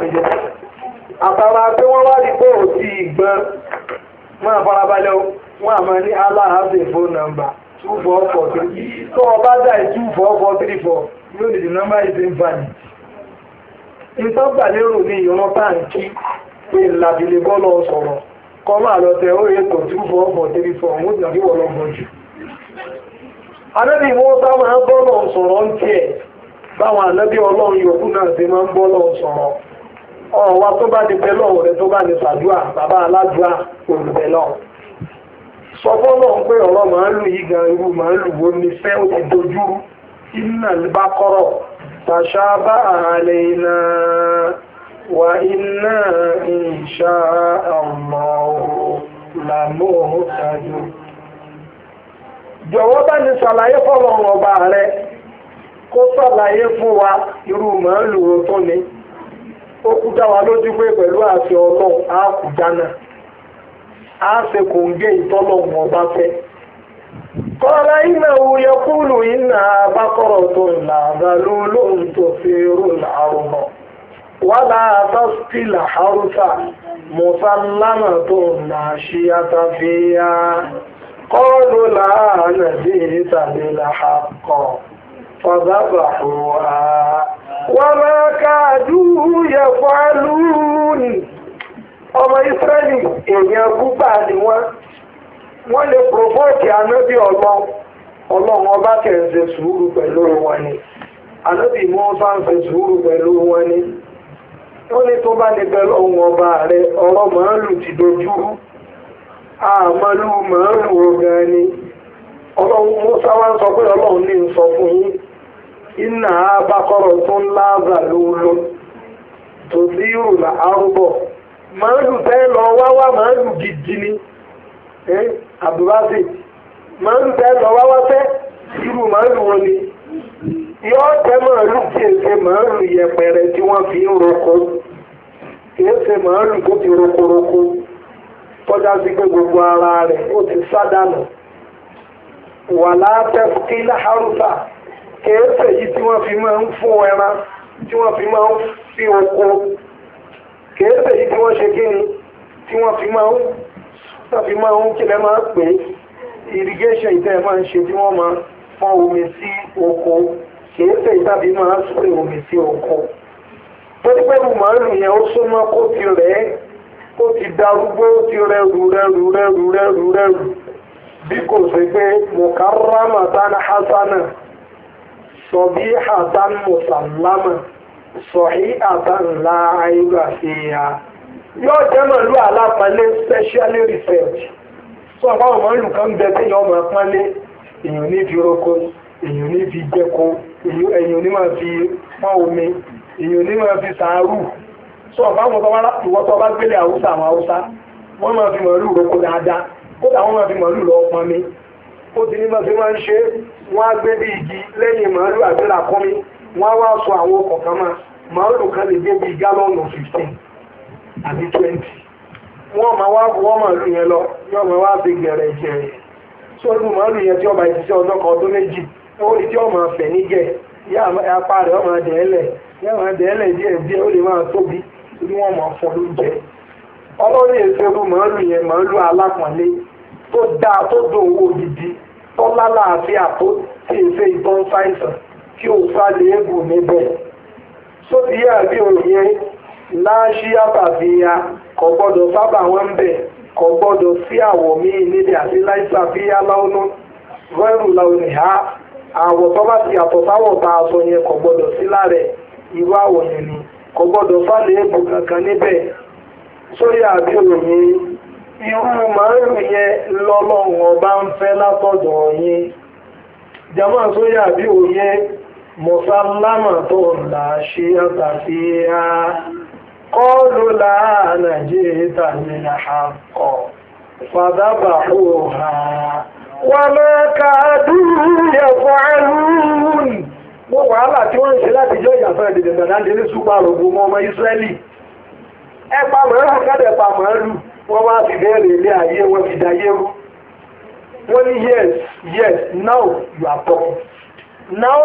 wọ́n rí àtàrà pé wọ́n wá rí bóò ìgbọ́n máa farabalẹ̀ wọ́n àmọ́ ní aláhàbẹ̀ phone number two tó di number is in value. ìtọ́gbà lérò ní ìran táǹkì pé ìlàbílẹ̀ bọ́ọ̀lù sọ̀rọ̀ kọ́ máa lọ tẹ ó yẹ kó two four four three wọ́n lọ bọ̀ jù. anábì ìmọ̀ọ́sá máa ń sọ̀rọ̀ ń ọ̀wá tó bá ní bẹ́lọ̀ rẹ̀ tó bá ní sàdúà bàbá aládùà olùbẹ̀lọ̀ sọ fọ́lọ̀ pé ọ̀rọ̀ màálù yìí gan irú màálù wo ni fẹ́ ó ti dojú iná bá kọ́rọ̀ tàṣà bá àhàlẹ̀ iná wà iná ìṣà ọmọ làmóhùn tàjú jọ̀wọ́ bá ní sàlàyé fọ́lọ̀ ọba rẹ̀ kó sàlàyé fún wa irú màálù wo tó ní. ó kú dá wa lójú pé pẹ̀lú àṣẹ ọlọ́run á kú jáná á ṣe kò ń gé ìtọ́lọ́run ọba fẹ́. kọ́lá iná òye kúlù iná abákọ̀rọ̀ tó là àbálú lóhun tó fi rò láàrùn náà tó là wàmà káàdù yẹ fàlùúnì ọmọ Ísírẹ́lì èèyàn gbúgbà ni wọ́n wọ́n lè provoke anábì ọlọ́run ọlọ́run ọba kẹ̀ǹsẹ̀ sùúrù pẹ̀lú wọn ni anábì mọ́ọ́sá ń ṣe sùúrù pẹ̀lú wọn ni wọ́n ní tó bá ní bẹ́ẹ̀ lọ́wọ́ ọba rẹ ọ̀rọ̀ màálù ti dojúrú àmọ́lú màálù ogan ni ọlọ́run mọ́ọ́sá wá sọ pé ọlọ́run ní sọ fún yín iná abakọ̀rọ̀ tó ń láàzà lóòlò tó sí ìrùlà arúbọ̀ màálù tẹ́ lọ wá wá màálù gidi ni abdulbasit màálù tẹ́ lọ wá wá tẹ́ irú màálù wọn ni yọ tẹ fi ń roko tó gbogbo ara ti sádànù wàlá tẹ́ kí kèéfẹ̀ yìí tí wọ́n fi máa ń fún ẹran tí wọ́n fi máa ń fi oko kèéfẹ̀ yìí tí wọ́n ṣe kí ni tí wọ́n fi máa ń tàbí máa ń kílẹ̀ máa ń pè irrigation ìtẹ́ máa ń ṣe tí wọ́n máa fọ́n omi sí oko kèéfẹ̀ ìtàbí máa ń spray omi sí oko tó ní pẹ́lú màálù yẹn ó súnmọ́ kó ti rẹ̀ ó ti darúgbó ó ti rẹrù rẹrù rẹrù rẹrù rẹrù bí kò sí pé mùkáràmà tán hásánà sọ̀bí àtàn mùsàlámà sọ̀hí àtàn láàáyígbà sí ya yóò jẹ́ màlúù alápalẹ̀ specially research sọ̀pá ọmọ olùkọ́ ń bẹ tẹ́yìn ọmọ apálẹ̀ èèyàn ní fi roko èèyàn ní fi jẹko èèyàn ní máa fi pọ́n omi èèyàn ní máa fi sàárù sọ̀pá ọmọ ìwọ́tọ̀ bá gbélé haúsá àwọn haúsá wọ́n máa fi màlúù roko dáadáa kódà wọ́n máa fi màlúù lọ pọnmi ó ti ní bá ṣe máa ń ṣe wọ́n á igi lẹ́yìn màálù àti làkúnmí wọ́n á wá sọ àwọn ọkọ̀ máa màálù kan lè gbé bí gálọ́ọ̀nù fifteen àti twenty wọ́n máa wá wọ́n yẹn lọ yọ́n máa wá bí gẹ̀rẹ̀ gẹ̀rẹ̀ so irú màálù yẹn tí ọba ìtìsẹ́ ọdún kan ọdún méjì ó tí yá apá rẹ̀ yá díẹ̀ díẹ̀ ó lè máa tóbi máa fọ́ lóúnjẹ ọlọ́run màálù yẹn tó dáa tó dùn owó gidi tó lálàáfíà tó tí èsè ìtọ́ ń ṣàìsàn kí ò sálẹ̀ ègbò níbẹ̀ sóbi yá bí òye láṣíá bàbíya kò gbọ́dọ̀ sábà wọn bẹ̀ kò gbọ́dọ̀ sí àwọ̀ míì nílẹ̀ àti láìsà bí yá láwọnú rẹ́rù láwọn ìhá àwọ̀ tó bá ti yàtọ̀ sáwọ̀ tá a sọ yẹn kò gbọ́dọ̀ sí láàrẹ̀ irú àwọ̀ yẹn ni kò gbọ́dọ̀ kankan níbẹ̀ irú màálù yẹn lọ́lọ́run ọba ń fẹ́ látọ̀dọ̀ yín jama sóyà bí òye mùsàlámà tó là ṣe àtàfihàn kọ́ọ̀lù láàánà jẹ́ ìtàmìnà àkọ́ fàdábà òhà wà máa kàádùrú yẹ̀fọ́ àlùún gbogbo wọ́n wá sí bẹ́ẹ̀rẹ̀ ilé ayé wọ́n wọ́n yes yes now you are talking now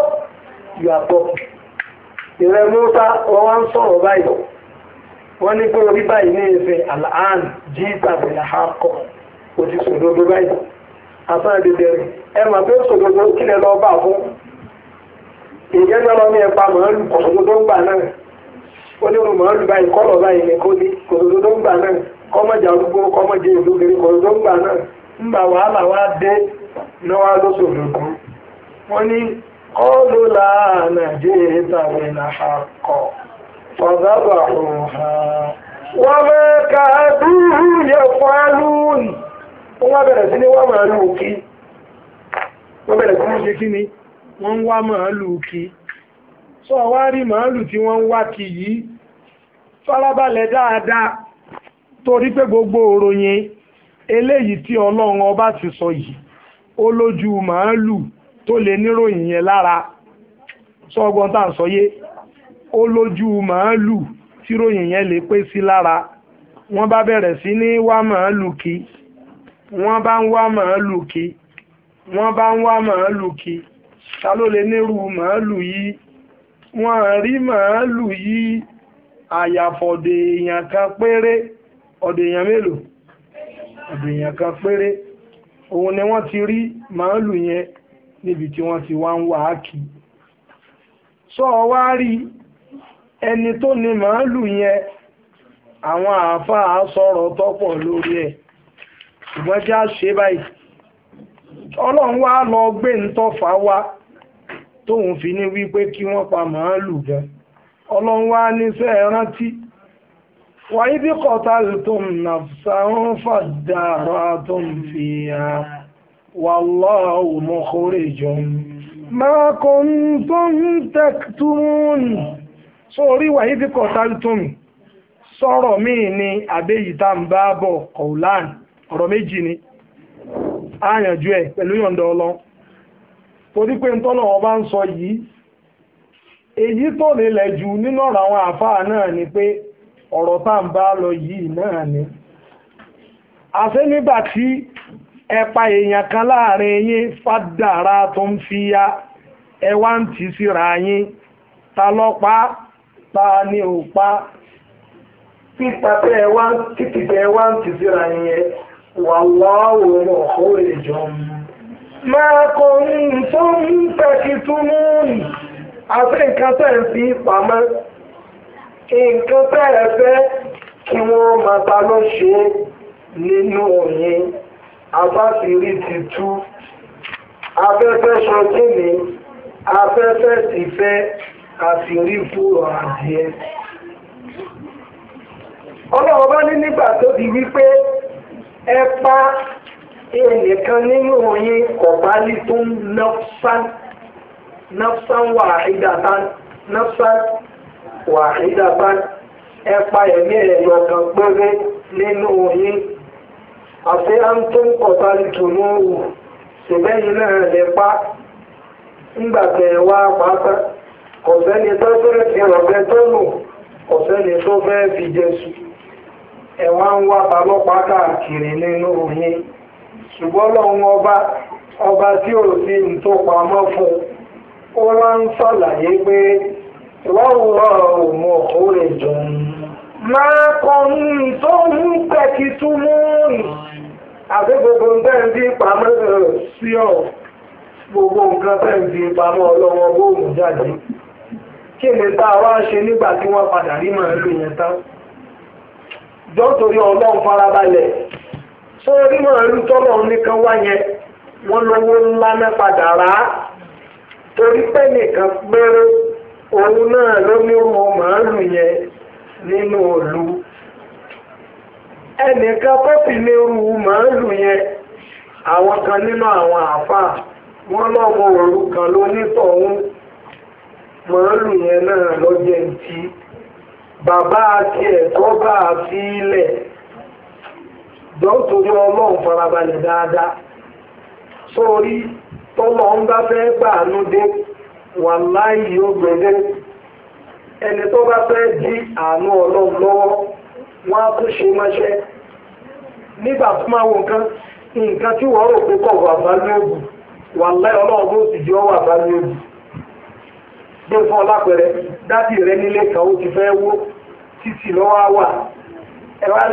you are talking ìrẹ́ mọ́ta wọ́n wá ń sọ̀rọ̀ báyìí wọ́n ní pé orí báyìí ní ẹsẹ̀ alhan jíta bẹ̀rẹ̀ akọ òtí sòdodo báyìí asán dèdè rẹ̀ ẹ mà pé sòdodo kílẹ̀ lọ bá fún ìjẹ́jọ́ lọ ní ń gbà náà báyìí báyìí ní kó ní ń gbà náà. kọ́mọ̀jà arúgbó kọ́mọ̀jà ìlú kiri tó ń gbà náà ń dé wọ́n ní ha wọ́n ka wọ́n bẹ̀rẹ̀ sí ní máa lù kí wọ́n bẹ̀rẹ̀ ní ṣe kí ni wọ́n wá máa lù kí sọ tí wọ́n torí pé gbogbo òròyìn eléyìí tí ọlọ́run ọba ti sọ yìí ó lójú màálù tó lè níròyìn yẹn lára sọ́gbọ́n tá à ń sọ yé ó lójú màálù tí ròyìn yẹn lè pé sí lára wọ́n bá bẹ̀rẹ̀ sí ní wá màálù kí wọ́n bá ń wá màálù kí wọ́n bá ń wá màálù kí ta ló lè nírú màálù yìí wọ́n rí màálù yìí àyàfọ̀dé èèyàn kan péré ọdịnya èèyàn mélòó ọ̀dọ̀ kan péré òun ni wọ́n ti rí màálù yẹn níbi tí wọ́n ti wá ń wà á sọ wá rí ẹni tó ni màálù yẹn àwọn àáfàá sọ̀rọ̀ tọ́pọ̀ lórí ẹ̀ ṣùgbọ́n já ṣe báyìí ọlọ́run wá lọ gbé ntọ́fà wá tóun fi ní wípé kí wọ́n pa màálù gan ọlọ́run wá ní sẹ́ẹ̀ rántí وإذ قتلتم نفسا فادارأتم فيها والله مخرج ما كنتم تكتمون sórí wàhídì kọtàlítùmí sọ̀rọ̀ míì ni àbẹ́yì ń bá bọ̀ kọ̀ọ̀lán ọ̀rọ̀ méjì ni àyànjú ẹ̀ pẹ̀lú yọ̀ǹda ọlọ́ torí pé ntọ́nà ọba ń sọ yìí èyí tó lè lẹ̀ jù nínú ọ̀rọ̀ àwọn náà ni pé ọ̀rọ̀ tá ń bá lọ yìí náà ni àṣẹ nígbà tí ẹ pa èèyàn kan láàrin yín fádàrá tó ń fi ya ẹ wá ń tì síra yín ta ló ta ni ò pa pípa tẹ ẹ ń tì síra yín wà lọ́wọ́ ọ̀hún ìjọ máa kọ́ ń tó ń tẹ̀sí túmú àti nǹkan tẹ̀ fi pamọ́ nǹkan bẹ́ẹ̀ fẹ́ kí wọ́n máa ta ló ṣe nínú yín abáfìrí ti tú afẹ́fẹ́ sọkínì afẹ́fẹ́ sì fẹ́ àfìrí fúrò adìẹ. ọlọ́run bá ní nígbà tó di wípé ẹ pa ẹnìkan nínú yín kọ̀bálí tó ń nafsan nafsan wà ìdàtà nafsan. wa bá ẹpa ẹ̀mí ẹ̀yọ̀ kan péré nínú yín àti anton kọtàlì ṣèbẹ́yìn náà pa wá pátá kọ̀sẹ́ni tó fẹ́ fi ọ̀bẹ tó nù kọ̀sẹ́ni tó fẹ́ fi jésù ẹ̀wá ń wá balọ́pàá káàkiri nínú ṣùgbọ́n ọba ọba tí ò sí ń tó pamọ́ fún ó والله مخرج ما كنتم تكتمون àti gbogbo nǹkan ń fi pamọ́ sí ọ̀ gbogbo nǹkan tẹ́ ń fi pamọ́ ọlọ́wọ́ bóòmù jáde kí ni tá a wá ṣe nígbà tí wọ́n padà rí màá lò yẹn tán jọ́ torí ọlọ́run farabalẹ̀ sórí màá lù tọ́lọ̀ nìkan wá yẹn wọ́n lówó ńlá náà padà rà á torí pé nìkan péré òun náà ló ní ọmọ màálù yẹn nínú òlu ẹnìkan kọ́pì ní irú màálù yẹn àwọn kan nínú àwọn àáfàá wọ́n lọ́mọ òru kan ló nítọ̀hún màálù yẹn náà ló jẹ́ ntí bàbá àti ẹ̀tọ́ bá a fi ilẹ̀ dọ́tòrí ọlọ́run farabalẹ̀ dáadáa sórí tọ́lọ́ ń bá fẹ́ gbà á lóde. wàláì yóò gbẹ̀dẹ́ ẹni tó bá fẹ́ di àánú ọlọ́run lọ́wọ́ wọ́n á tún ṣe mọ́ṣẹ́ nígbà tó máa wo nǹkan nǹkan tí wọ́n rò pé kọ̀ wà bá wàláì sì jọ wà bá gbé fún ọlápẹrẹ dádì rẹ nílé kan ó ti fẹ́ wó títì lọ́wọ́ á wà ẹ̀wá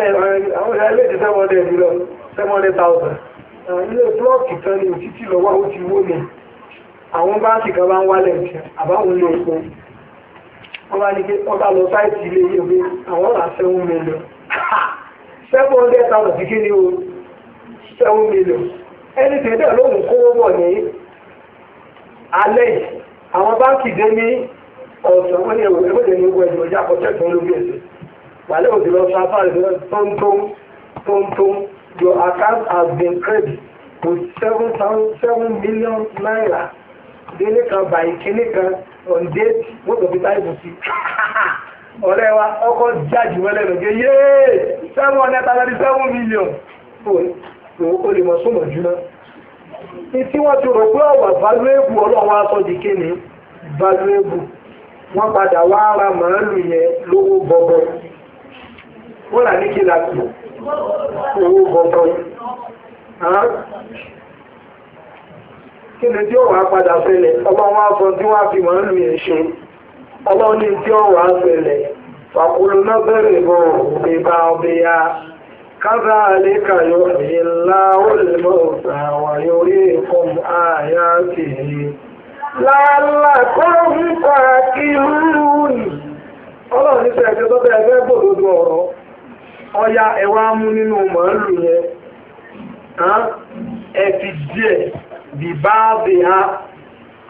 àwọn ní òtítì àwọn bá sì kan bá ń wálẹ̀ jẹ́ àbáwọn ilé epo wọ́n bá ní pé wọ́n bá lọ sáìtì ilé ìwé àwọn là seven million seven hundred thousand ti kí ni o seven million ẹni tẹ̀ dẹ̀ lóhùn kówó bọ̀ ní alẹ́ yìí àwọn báńkì dé ní ọ̀sán wọ́n ní ẹ̀wọ̀n ẹgbẹ́ ní ogun ẹ̀jọ̀ ọjà àkọ́tẹ́ tó ń lóbi ẹ̀sẹ̀ wàlẹ́ òdì lọ sọ afárá ìdílé tóńtón tóńtón your account has been credit with seven thousand seven million naira délé kan bàyí kíní kan òǹdé mọ́tò fi táìpù sí (laughs) ọ̀rẹ́ wa ọkọ̀ jáde wọlé lọ́jọ́ yéé seven hundred thirty seven million o lè mọ̀ súnmọ̀ jù náà tí wọ́n ti rò pé ọ̀wà valuable ọlọ́run aṣọ di kíni valuable wọ́n padà wá ara màálù yẹn lówó gọbọ wọ́n là ní kí la kù owó gọbọ kí ni tí ó wà padà ọmọ wọn sọ tí wọ́n fi wọ́n lù yẹn ṣe ọmọ ní tí ó wà ṣẹlẹ̀ náà bẹ̀rẹ̀ bọ̀ bíbá ọbẹ̀ ya kábà àlékà yóò fi ńlá ó lè mọ̀ àwọn àyà tìyí. lálá kó ń pa kí lúrúùnì ọlọ́run nípa ẹ̀jẹ̀ tó bẹ́ẹ̀ fẹ́ gbòdodo ọ̀rọ̀ ọya ẹ̀wà mú nínú màálù yẹn ẹ fi díẹ̀ bìbáàbì ha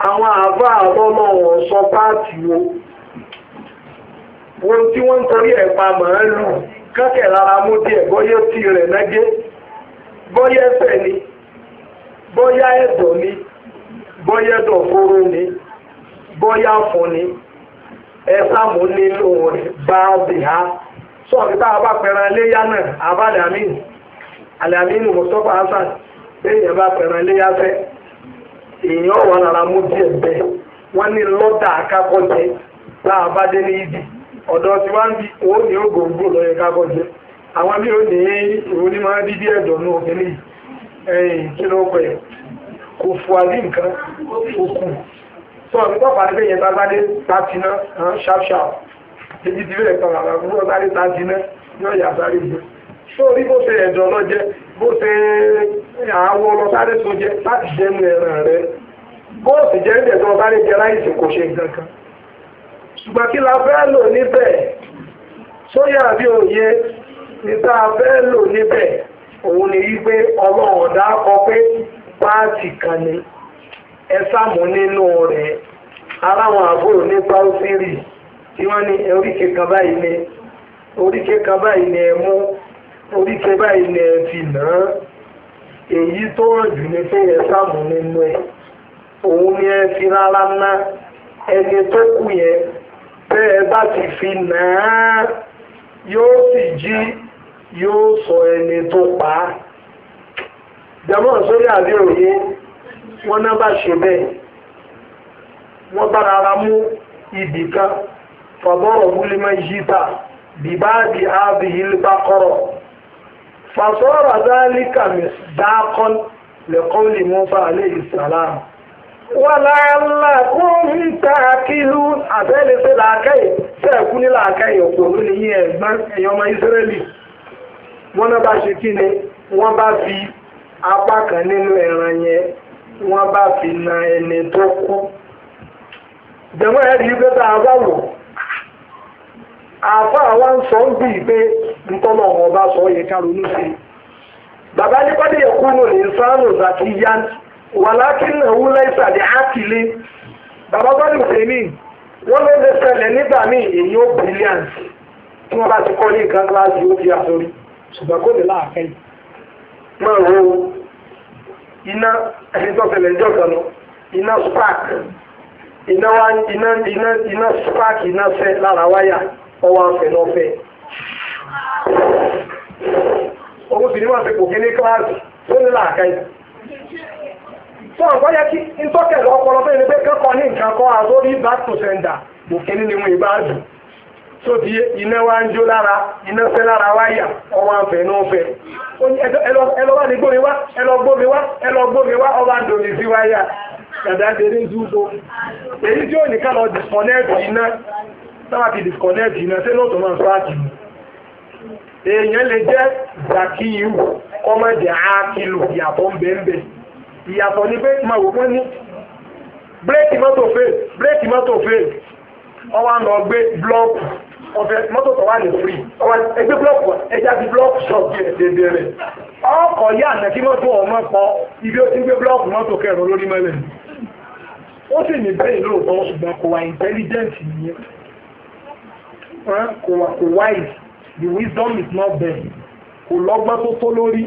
àwọn àbá àlọ́nà wọn sọ páàtì wo wọn tí wọ́n ń torí ẹ̀ pa màálù kákẹ́ rárá mú díẹ̀ bọ́yẹ́ tí rẹ̀ nẹ́gẹ́ bọ́yẹ́ ẹsẹ̀ ni bọ́yá ẹ̀dọ̀ ni bọ́yá ẹ̀dọ̀fóró ni bọ́yá fún ni ẹ̀sàmù nílò rẹ̀ bá bì á sọ ọ̀rẹ́ bá bá pẹ̀rẹ̀ léyà náà abálẹ̀ amínú alẹ́ amínú mustapha hasan lẹ́yìn bá pẹ̀rẹ̀ léyà fẹ́ èèyàn wà lára mú díẹ̀ bẹ́ẹ̀ wọ́n ní lọ́dà akákọ́jẹ́ láà bá dé ní ibi ọ̀dọ̀ tí wọ́n bí wọ́n ní ògòǹgò lọ́yẹ àwọn bí ó ní ìrò ní máa dídí ẹ̀dọ̀ ní ẹ̀yìn kí ló pẹ̀ kò àdí nǹkan kò kù tó ọ̀dọ̀ tó pàdé bá ti àwọn àbúrò yóò yà sáré sórí bó ṣe ẹ̀dọ̀ lọ jẹ bó ṣe àwọ ọlọ́sáré tó jẹ láti ẹ̀ràn rẹ bó sì jẹ́ ẹ̀dọ̀ ọlọ́sáré jẹ láìsí kò ṣe nǹkan ṣùgbọ́n kí la fẹ́ lò níbẹ̀ sóyà bí òye ní tá a fẹ́ lò níbẹ̀ òun ni wípé ẹ oríkẹ́ báyìí lẹ fi nà án èyí tó rọ̀ jù ní pé ẹ sáàmù nínú ẹ òun ni ẹ fi rárá ná ẹni tó kù yẹn bẹ́ ẹ bá ti fi nà yóò sì jí yóò sọ ẹni tó pa á jẹmọ́ sórí àbí òye wọ́n náà bá ṣe bẹ́ẹ̀ wọ́n bá rárá mú ibì kan fọ̀bọ́rọ̀ múlímọ́ yíta bíbáàbí ábí ilé bá kọ́rọ̀ fàṣọ́rọ̀ dáríkà dákọ́n lẹ́kọ́n lè mọ́ bá alẹ́ ìsàlámù wà láàlá kó ń ta kílú àtẹ́lẹsẹ̀ làákàyè sẹ́ẹ̀kú ní làákàyè òpòrú ní ẹ̀gbọ́n ẹ̀yàn ọmọ ìsírẹ́lì wọ́n náà bá ṣe kí ni sọ ń bì pé ntọ́nà ọba sọ yẹ ká ronú sí bàbá nípàdé ẹ̀kú nù ní sánù zàkì yá wàlákì nàwó lẹ́sà ní àkìlé bàbá gbọ́dọ̀ tèmi wọ́n ló lè ṣẹlẹ̀ nígbà míì èyí ó tí wọ́n bá ti kọ́ ní nǹkan kíláàsì ó fi àsọrí ṣùgbọ́n kò láàfẹ́ máa wo iná ẹni tó lọ iná spark iná iná òun sì ní wọ́n ní kíláàsì tó ní làákà tó kí n tọ́kẹ̀ lọ́pọlọ fún ẹni pé kẹ́kọ̀ọ́ ní nǹkan kọ́ àtórí back to sender ní wọn ìbá dùn. tó di iná ń jó lára iná fẹ́ lára wáyà ọwọ́ àfẹ́ ní gbómi wá gbómi wá gbómi wá ọba sí sábà ti disconnect iná ṣé lóòótọ́ máa sáàkì ni èèyàn lè jẹ́ zakiyu kọ́mọ̀dé ákìlù ìyàtọ̀ ńbẹ́ńbẹ́ ìyàtọ̀ ni pé máa wò wọ́n ní bírèkì mọ́tò fè bírèkì mọ́tò fè ọwọ́ àná gbé blọ́ọ̀kù ọ̀fẹ́ mọ́tò tó wà ní free ọwọ́ ẹgbẹ́ blọ́ọ̀kù ẹja ti blọ́ọ̀kù ṣọ́ọ̀kì ẹ̀ dédé rẹ̀ ọkọ̀ yá àná kí mọ́tò ọmọ pọ̀ ibi ó ti ń gbé blọ́ọ̀kù mọ́tò kẹrin olórí mẹ́lẹ̀ ó sì ní bẹ́ẹ̀ lóòótọ́ ṣùgbọ́n kò wà intelligent nìyẹn kò wise the wisdom is not there kò lọ́gbọ́n tó tó lórí.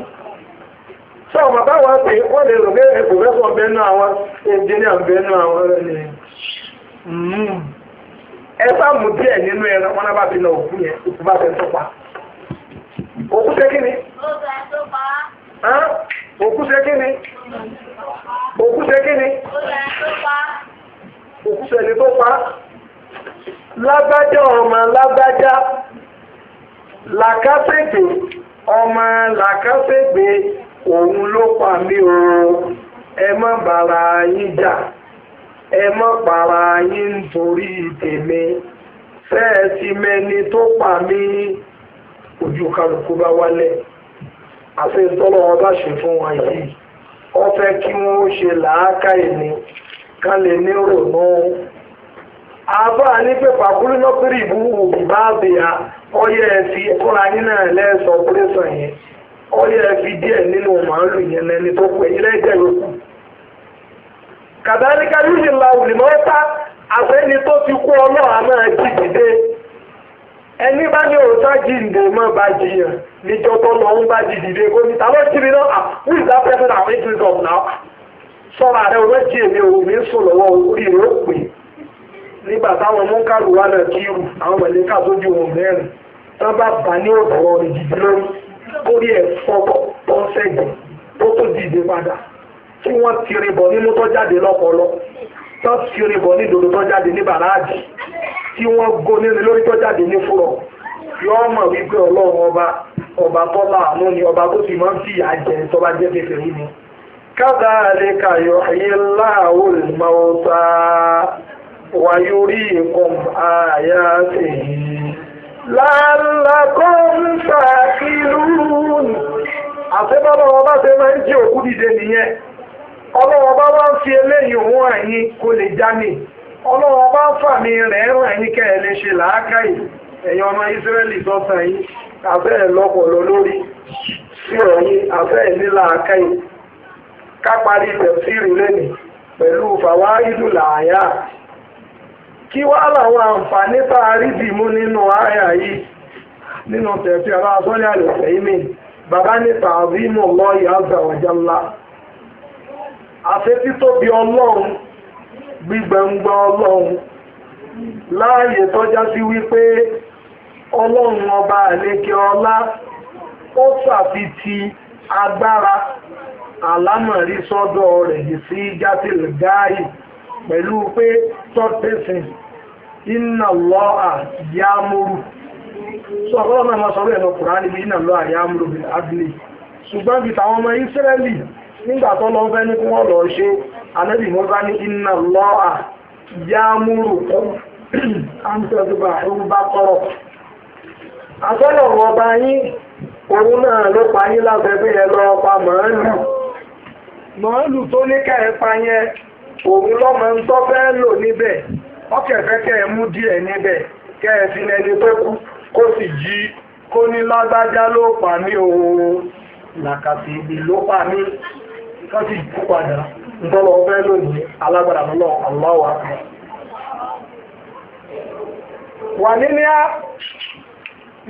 sọ bàbá wa pé wọ́n lè rò pé pòfẹ́sọ̀ bẹ́nu àwọn ẹnjìníà bẹ́nu àwọn ẹ̀ ẹ bá mú díẹ̀ nínú ẹran wọn náà bá fi lọ òkú yẹn òkú bá fẹ́ tó pa òkú ṣe kí ni. òkú ṣe kí ni. òkú ṣe kí ni. òkú ṣe ni tó pa lágbájá ọmọ lágbájá làkàṣègbè ọmọ làkàṣègbè òun ló pa mí o ẹ má bàrà yín jà ẹ má para yín nítorí tèmi fẹ́ẹ̀sì mẹ́ni tó pa mí ojú kálukú bá wálẹ̀ àti ìtọ́lọ́ ọba ṣe fún wa yìí ó fẹ́ kí wọ́n ṣe làákàyè ni ká lè ní rònú. a ní pé pàkúrú lọ́pẹ̀rẹ̀ ìbúwò bíbá àbẹ̀ ya ọyẹ́ ẹ fúnra yín náà lẹ́sọ̀ pírẹ́sọ̀ yẹn díẹ̀ nínú màálù yẹn lẹ́ni tó pẹ̀ yín lẹ́jẹ̀ yòókù. kàdáníkà yóò ṣe la òlìmọ́ta àfẹ́ni tó ti kú ọlọ́run náà jí dìde ẹni bá ní jí ǹdè mọ́ bá níjọ́ tó lọ ń bá jí dìde kó jí mi náà to ah, nígbà táwọn múkàrù wà náà kírù àwọn mẹ̀lẹ́kà tó ju òun mẹ́rin tán bá bà ní ọ̀dọ̀ ìdìbò lórí kórí ẹ̀ fọ́bọ̀ tó ń sẹ́gbẹ̀ tó tó dìde padà tí wọ́n tiri bọ̀ nínú tó jáde lọ́pọlọ tó tiri bọ̀ ní ìdòdó tó jáde ní bàrádì tí wọ́n go nínú lórí tó jáde ní fúrọ̀ yọ́ mọ̀ wípé ọlọ́run ọba ọba tó bá jẹ́ ni. kádàálẹ̀ wàyúrí nǹkan àyà sèyí lálàkùn ṣàkìlún àtẹ́bọ́lọ́ ọba tẹ máa ń jí òkú dìde nìyẹn ọlọ́wọ́ bá wá ń fi eléyìí òun àyín kó lè jáde ọlọ́wọ́ bá ń fàmì rẹ̀ ràn yín kẹ́ ẹ̀ lè ṣe làákàyè ẹ̀yin ọmọ Ísírẹ́lì tọ́sàn yín àfẹ́ ẹ̀ lọ́pọ̀lọ́ lórí sí ọ̀yìn àfẹ́ ẹ̀ ní làákàyè ká parí tẹ̀síìrì lẹ́nìí pẹ̀lú fàwa ìdùlà kí wá làwọn àǹfààní tá a rí dì mú nínú àyà yìí nínú tẹ̀sí ọ̀rọ̀ asọ́lẹ̀ àlùfẹ́ ìmì bàbá ní tààzímù Allahi azza wa jalla àfetítóbi ọlọ́run gbígbẹ̀ngbà ọlọ́run láàyè tọ́já sí wípé ọlọ́run ọba àlékè ọlá ó ṣàfitì agbára àlámọ̀rí sọ́dọ̀ rẹ̀ sí játìlgáì pẹ̀lú pé third person inna a yámúrù so ọ̀pọ̀lọ́ náà ma sọ̀rọ̀ ẹ̀nà kùránì bí inna lọ́à yámúrù bí adìlẹ̀ ṣùgbọ́n bí tàwọn ọmọ ìsírẹ́lì nígbàtọ́ lọ fẹ́ ní kí wọ́n lọ ṣe anẹ́bì mọ́ bá ní inna lọ́à kún lọ tó ní ọ kẹ́ ẹ mú díẹ̀ níbẹ̀ kẹ́ tó kú kó sì jí kó ní lágbájá ló pa mí o làkàtì ìbí ló pa mí kó sì kú padà ọbẹ̀ lónìí alágbára lọ́lọ́ wà nínú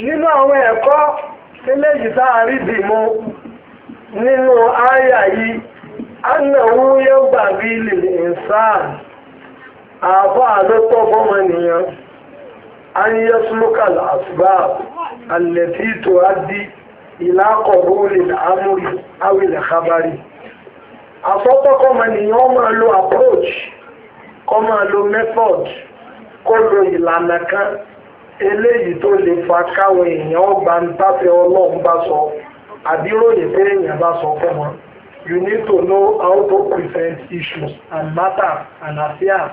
nínú àwọn ẹ̀kọ́ àfáà ló tọ́ fọ́mọnìyàn ayé slokal asbab alẹ́tí tó á di ìlàkọ̀bólè amúrí awìlẹ̀ kábárì àfọ́tọ́ kọ́mọnìyàn ó máa lo approach kó máa lo method kó lo ìlànà kan eléyìí tó lè fa káwọn èèyàn ọgbà ń tàfẹ́ ọlọ́run bá sọ àbíròyìn pé èèyàn bá sọ fún wọn you need to know how to present issues and matter and affairs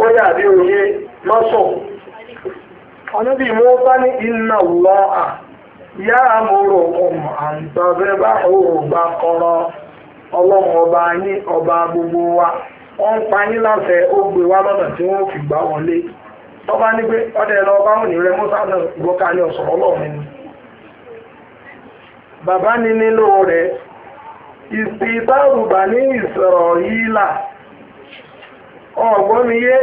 ó yàrí òye lọ́sùn ọ̀nàbí mo bá ní iná lọ à yá àmúrò ọmọ àǹtọ̀bẹ́ bá òòrùn bá kọ́rọ́ ọlọ́run ọba anyị ọba gbogbo wa wọ́n anyị tí wọ́n fi gbá wọlé tọ́ba ní pé ọba lọ náà ní bàbá ni nílò ìsìtàrùbà ní yìí ọ̀gbọ́n yé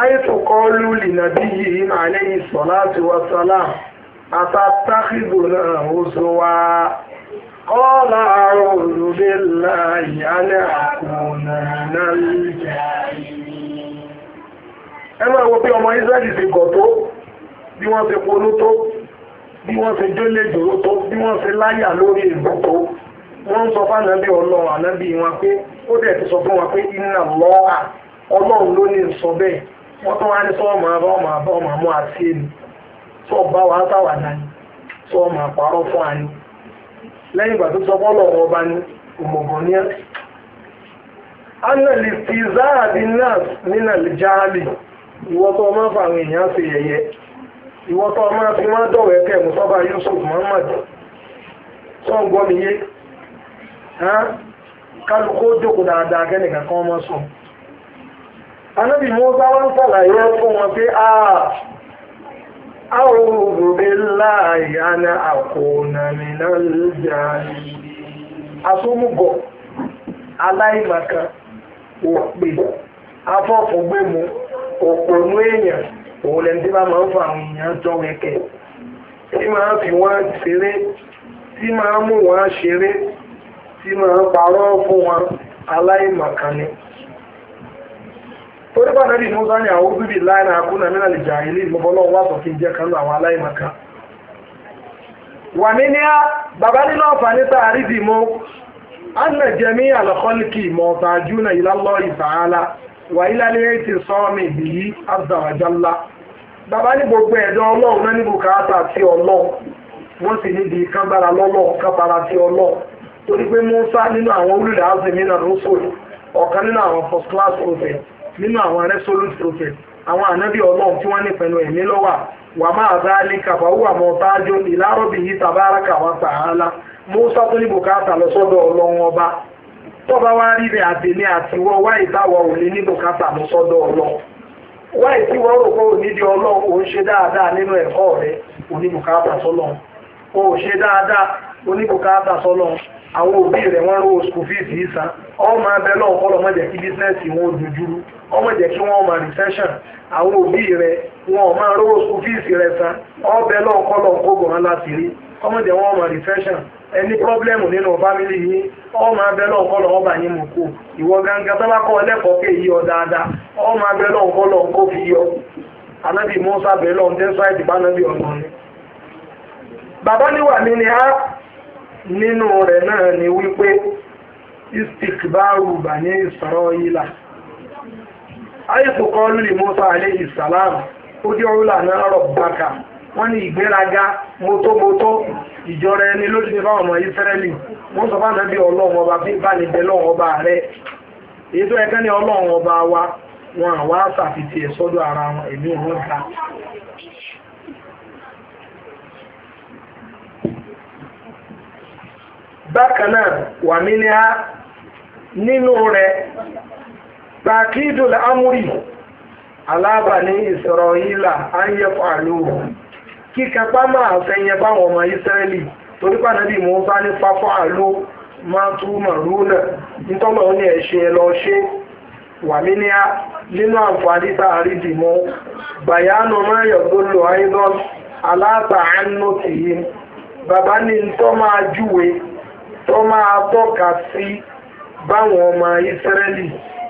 àìsàn kan lù lìnàbí yìí máa lẹ́yìn sọ láti wàsálà àtàtàkìdò náà ó sọ wá kọ́lá àrùn bílá ìyálẹ̀ àkùnà náà ẹ máa wo bí ọmọ Israẹli ti gọ̀ tó bí wọ́n ti polú tó bí wọ́n ti wọ́n ń sọ fún ànábì ọlọ́run ànábì wọn pé ó dẹ̀ ti sọ fún wọn pé iná lọ́ọ̀à ọlọ́run ló ní sọ bẹ́ẹ̀ wọ́n sọ ọmọ ọmọ ọmọ àmú sọ ọba wa sáwà sọ ọmọ àpárọ̀ fún àní lẹ́yìn ìgbà tó sọ fún ọlọ́run ọba ní òmùgọ̀ náà nínà lè tó ọmọ fà kálukó jókòó dáadáa kẹ́nìkan kan mọ́ sùn anábì Mùsá wọn sàlàyé fún wọn pé a àwòrò billahi àná àkóónàmínà lójà asómùgọ̀ aláìmọ̀kan òpè afọ́fùgbẹ́mu òpònú èèyàn òun lẹ́ni bá máa ń fa àwọn èèyàn jọ wẹ̀kẹ̀ tí máa fi wọ́n ṣeré tí máa mú wọ́n ṣeré tí ma ń fún wọn aláìmọ̀kànnì torí bá nàbí musa ní àwọn bíbí láìna akúnà mí jà ilé ìmọ̀bọ́lọ́ wà sọ kí n jẹ́ kanú àwọn wà ní ní bàbá nínú àǹfààní tá a rí anna ìfàhálà wà azàwàjálá bàbá ní gbogbo ní sí sì torí pé Musa nínú àwọn olùdá azemi náà rúṣòlù ọ̀kan nínú àwọn first class prophet nínú àwọn resolute prophet àwọn ànábì ọlọ́run tí wọ́n ní pẹ̀lú ẹ̀mí lọ́wà wà máa bá ní wa Musa tó ní bùkátà lọ sọ́dọ̀ ọlọ́run ọba tọ́ba wá rí rẹ̀ àtẹ̀lé àtiwọ́ wáyé táwa ò ní ní bùkátà lọ sọ́dọ̀ ọlọ́run wáyé tí wọ́n rò pé òní di ọlọ́run ò ń ṣe dáadáa nínú àwọn òbí rẹ̀ wọ́n rówó school fees yìí san ọmọ bẹ náà kọ́ lọ́mọ jẹ́ kí bísínẹ́sì wọn dojúrú ọmọ jẹ́ kí wọ́n máa recession àwọn òbí rẹ̀ wọn máa rówó school fees rẹ̀ san ọbẹ̀ náà kọ́ lọ́n kó gbọ̀n láti rí jẹ́ wọ́n máa recession ẹni pọ́blẹ́mù nínú fámìlì yìí ọmọ abẹ náà kọ́ lọ́n ọba yín mú kó ìwọ gangan tó bá kọ́ ẹlẹ́kọ̀ọ́ pé yíyọ dáadáa ọmọ bẹ náà kọ́ kó fi yọ nínú rẹ̀ náà ni wípé istikbaru bani isra'ila àìsùkọ́ lùlì musa alayhi salam ó dé ọ̀rùlà náà rọ̀ bàkà wọ́n ní ìgbéraga mótómótó ìjọra ẹni lójú ní fáwọn ọmọ wọ́n ní ọlọ́run bákan náà wà mí ní á nínú rẹ̀ takidul amuri alábàní ìsọ̀rọ̀yìlà ayẹ́fọ́ àlùhù kíkapá máa fẹ́yẹ báwọn ọmọ ìsírẹ́lì torí pàdánù mò bá ní fáfọ́ àlù máa tún màrú náà ní ẹ̀ṣẹ̀ lọ ṣe wà mí ní á nínú àǹfààní dìmọ́ bàyánù tó lò tìyí tó máa tọ́ka sí báwọn ọmọ ìsírẹ́lì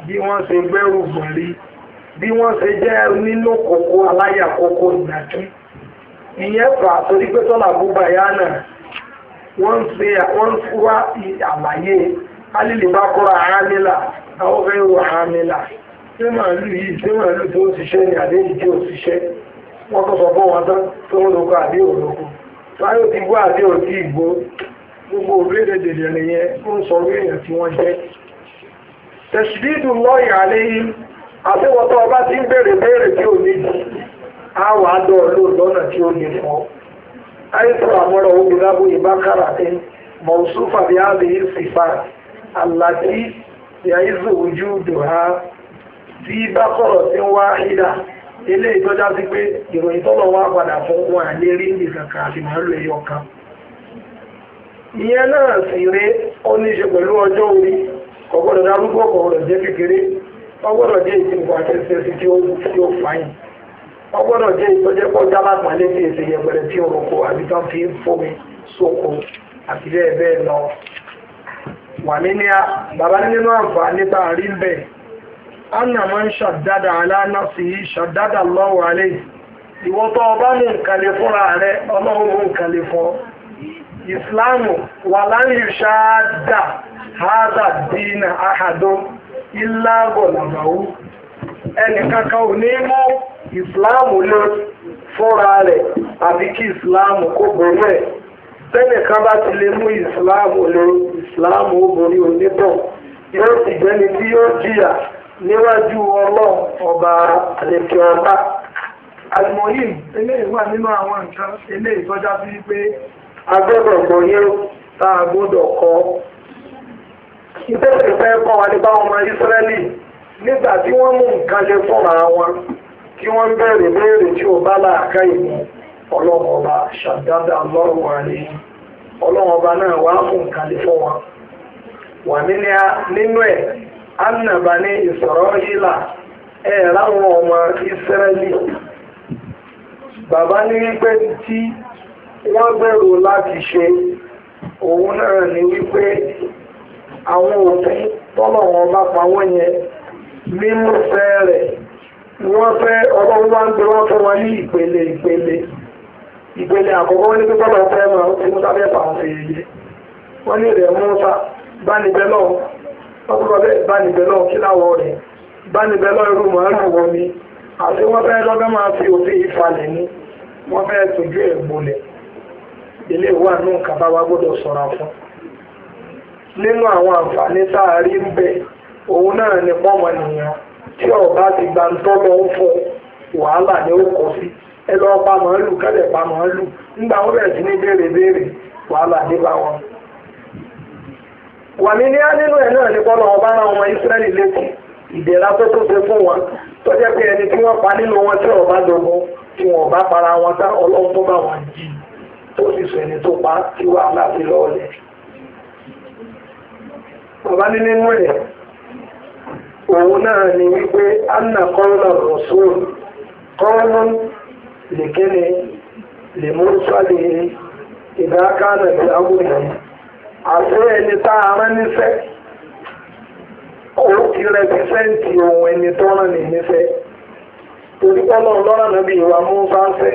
bí wọ́n ṣe gbẹ́rù gbòǹlé bí wọ́n ṣe jẹ́ nínú kòkó aláyàkókò ìgbàkí ìyẹn fà torí pé tọ́lá búba yá náà wọ́n ń ṣe wọ́n ń wá àlàyé alílè bá kọ́ra àmìlà àwọn fẹ́ ro àmìlà ṣé màálù yìí ṣé màálù tó ṣiṣẹ́ ní àdéhìí tí ò ṣiṣẹ́ wọ́n tó sọ fún wọn tán tó ń lóko àdéhùn lóko láyé ti gbó àdéhùn tí ì gbogbo òbéèrè dèdè rẹ̀ yẹn ń sọ orí èèyàn tí wọ́n jẹ́ tẹ̀sídìdù lọ ọba ti ń bèèrè béèrè tí ò ní jù wà lọ́nà tí ó fọ́ àìsàn àmọ́rọ̀ obìnrin ìbákàrà ní bí a lè àlàtí ojú tí bá kọ̀rọ̀ tí ń wá ilé ìtọ́já sí pé ìròyìn tọ́lọ̀ wá padà fún wọn ìyẹn náà sì ré ó ní ṣe pẹ̀lú ọjọ́ orí kò gbọ́dọ̀ darúgbó jẹ́ kékeré ó jẹ́ ìsìnkú àtẹ̀sẹ̀sì tí ó jẹ́ ìtọ́jẹ́ yẹpẹrẹ tí orúkọ àbí tán fi ń fómi sóko àti bẹ́ẹ̀ bẹ́ẹ̀ lọ. wà ní ní bàbá nínú a rí ń bẹ̀ anna máa ń ṣàdádà sí i ṣàdádà lọ́wọ́ alẹ́ ìwọ́tọ̀ ọba mú ìsìláàmù wà láyé ṣáádà hádà dínà àhàdó ìlàgọ̀ làbàwú ẹnìkankan ò ní mú ìsìláàmù lé fúnra rẹ̀ àbí kí ìsìláàmù kó borí ẹ̀ tẹ́nìkan bá ti lè mú ìsìláàmù lé ìsìláàmù ó borí onítàn yóò sì jẹ́ni tí yóò jìyà níwájú ọlọ́run ọba àlèkè ọba àlùmọ́yìn eléyìí wà nínú àwọn nǹkan eléyìí a gbọ́dọ̀ gbọ́yé tá a gbọ́dọ̀ kọ́ ìbéèrè fẹ́ kọ́ wa nípa ọmọ Ísírẹ́lì nígbà tí wọ́n mú nǹkan ṣe wọn tí wọ́n bẹ̀rẹ̀ tí ò bá láàká ìmú ọlọ́run ọba ṣàdádá lọ́rùn ni ọlọ́run ọba náà wá fún nǹkan lè fọ́ wọn wà wọ́n gbèrò láti ṣe òun náà ni wípé àwọn òfin tọ́lọ̀ wọn bá pa wọ́n yẹn nínú fẹ́ rẹ̀ wọ́n fẹ́ ọlọ́run wá ń gbé wọ́n fẹ́ wọn ní ìpele ìpele ìpele àkọ́kọ́ ní pípọ́ lọ fẹ́ mọ̀ tí Musa fẹ́ fàwọn fèrè yìí wọ́n ní rẹ̀ Musa bánibẹ́ lọ ọkùnrin ọbẹ̀ bánibẹ́ lọ kí láwọ̀ rẹ̀ bánibẹ́ lọ irú màálù wọn ni àti wọ́n fẹ́ lọ́gbẹ́ máa fi òfin ìfalẹ̀ ni wọ́n fẹ́ tójú ẹ̀ gbolẹ̀ ilé iwu nù kaba wa gbọ́dọ̀ sọra fún nínú àwọn àǹfààní tá a rí bẹ òun náà ni tí ọba ti gba ń tọ́lọ fún wàhálà ni ó kọ sí ẹ lọ pa pa nígbà wọn bẹ̀rẹ̀ sí ní béèrè béèrè wàhálà bá wọn. wàmí ọba náà ọmọ Ísírẹ́lì létí tó tó ṣe fún wọn pé ẹni tí wọ́n pa nínú wọn tí ọba tí ọba para wọn tá ọlọ́run tó sì sọ ẹni tó pa tí wà láti lọ́ọ̀lẹ̀ bàbá ní nínú rẹ̀ òun náà ni wípé anna kọ́ńlá rọ̀sùn kọ́ńlá lèkẹ́ni lèmọ́sọ́lẹ̀ ìdákànà ìdáwòrán àti ẹni tá a rán níṣẹ́ ó ti rẹpẹsẹ́ǹtì ohun ẹni tó rán ní níṣẹ́ torí pọ́lọ́ lọ́rọ̀ náà bí ìwà mú fáfẹ́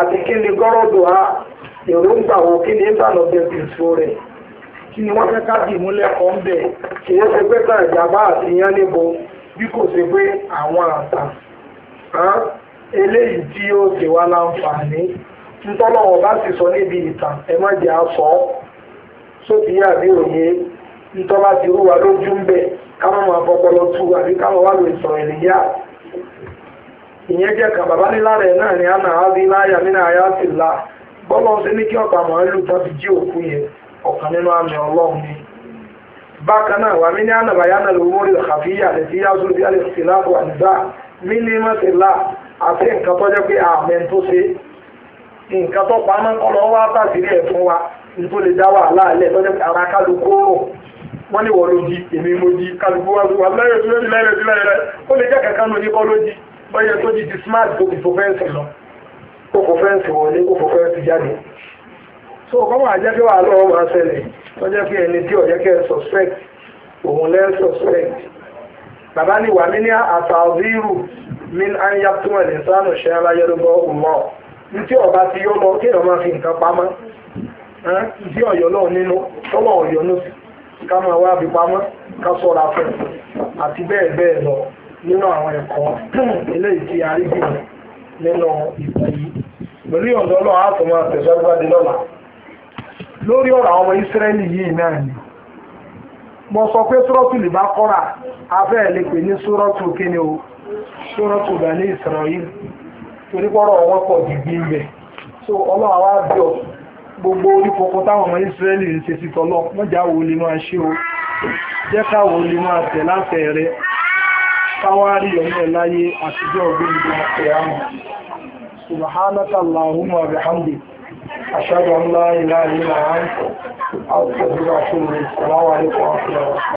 àti kí ni gọ́rọ̀dù á èròǹgbà wo kí ni ìbànú bẹ̀rẹ̀ ìṣó rẹ̀ kí ni wọ́n fẹ́ ká dì mú lẹ́kọ̀ọ́ ń bẹ̀ kì í ṣe pé tá ìjàmbá àti yán níbo bí kò ṣe pé àwọn àṣà eléyìí tí yóò ṣe wá láǹfààní ntọ́lọ́wọ́ bá sì sọ níbi ìtàn ẹ má jẹ́ àṣọ sóbì àbí òye ntọ́lá ti lójú ń bẹ̀ ká má máa fọpọlọ tú àbí ká má wà lóye sọ̀rọ̀ ìlẹ́yà ìyẹn jẹ́ kan bàbá nílá rẹ̀ náà ni a náà rí láyà nínú àyà sí là bọ́lọ̀ ṣe ní kí ọ̀pá màálù tó fi jí òkú yẹn ọ̀kan nínú àmì ọlọ́run ni. bákan náà wà mí ní ànàbàyà náà lówó rẹ̀ kàfíyà lè fi yáàzú bí alẹ́ sí láàbù àdúrà mí ní mọ́sẹ̀ là àti nǹkan tó jẹ́ pé àmì tó ṣe nǹkan tó pamọ́ kọ́ lọ́ wá tàbílẹ̀ ẹ̀ fún wa nítorí lè dá wàhálà alẹ́ tó jẹ́ pé ara kálukú rò wọ́n ní wọ́n ló di èmi mo di kálukú wá sí wa lẹ́yìn tó lẹ́yìn lẹ́yìn lẹ́yìn ó lè jẹ́ kankan lóní kọ́ ló di ọyẹ tó di ti smart kò fi fò fẹ́ǹsì lọ kò fò fẹ́ǹsì wọlé kò fò fẹ́ǹsì jáde so kọ́ máa jẹ́ kí wàá lọ́wọ́ máa ṣẹlẹ̀ tó jẹ́ kí ẹni tí ọ̀jẹ́ kẹ́ suspect òun lẹ́ suspect bàbá ni wà mí ní àtàzírù mi à ń yàtúmọ̀ ní sánù ṣe ara yẹrùbọ̀ ọ̀mọ́ ntí ọba ti yọ lọ kí ọba fi nǹkan pamọ́ ntí ọ̀yọ́ lọ nínú tọ́lọ̀ ọ̀yọ́ nù ká máa wá fi pamọ́ ká sọ̀ra fún àti bẹ́ẹ̀ bẹ́ẹ̀ lọ. nínú àwọn ẹ̀kọ́ ilé tí a nínú ìgbà yìí pẹ̀lú ọ̀dọ́ náà a máa lọ́la lórí ọ̀rọ̀ àwọn ọmọ ìsírẹ́lì yìí náà ni sọ pé sọ́rọ́tù lè bá kọ́ra afẹ́ ní sọ́rọ́tù kíni o sọ́rọ́tù bá ní torí pọ́rọ̀ wọn pọ̀ dìgbì so ọlọ́wà gbogbo káwárí ẹ̀mí ẹ̀ láyé àtijọ́ ọ̀gbìn ìgbà ẹ̀hánu subhanaka allahumma wa bihamdi ashhadu an la ilaha illa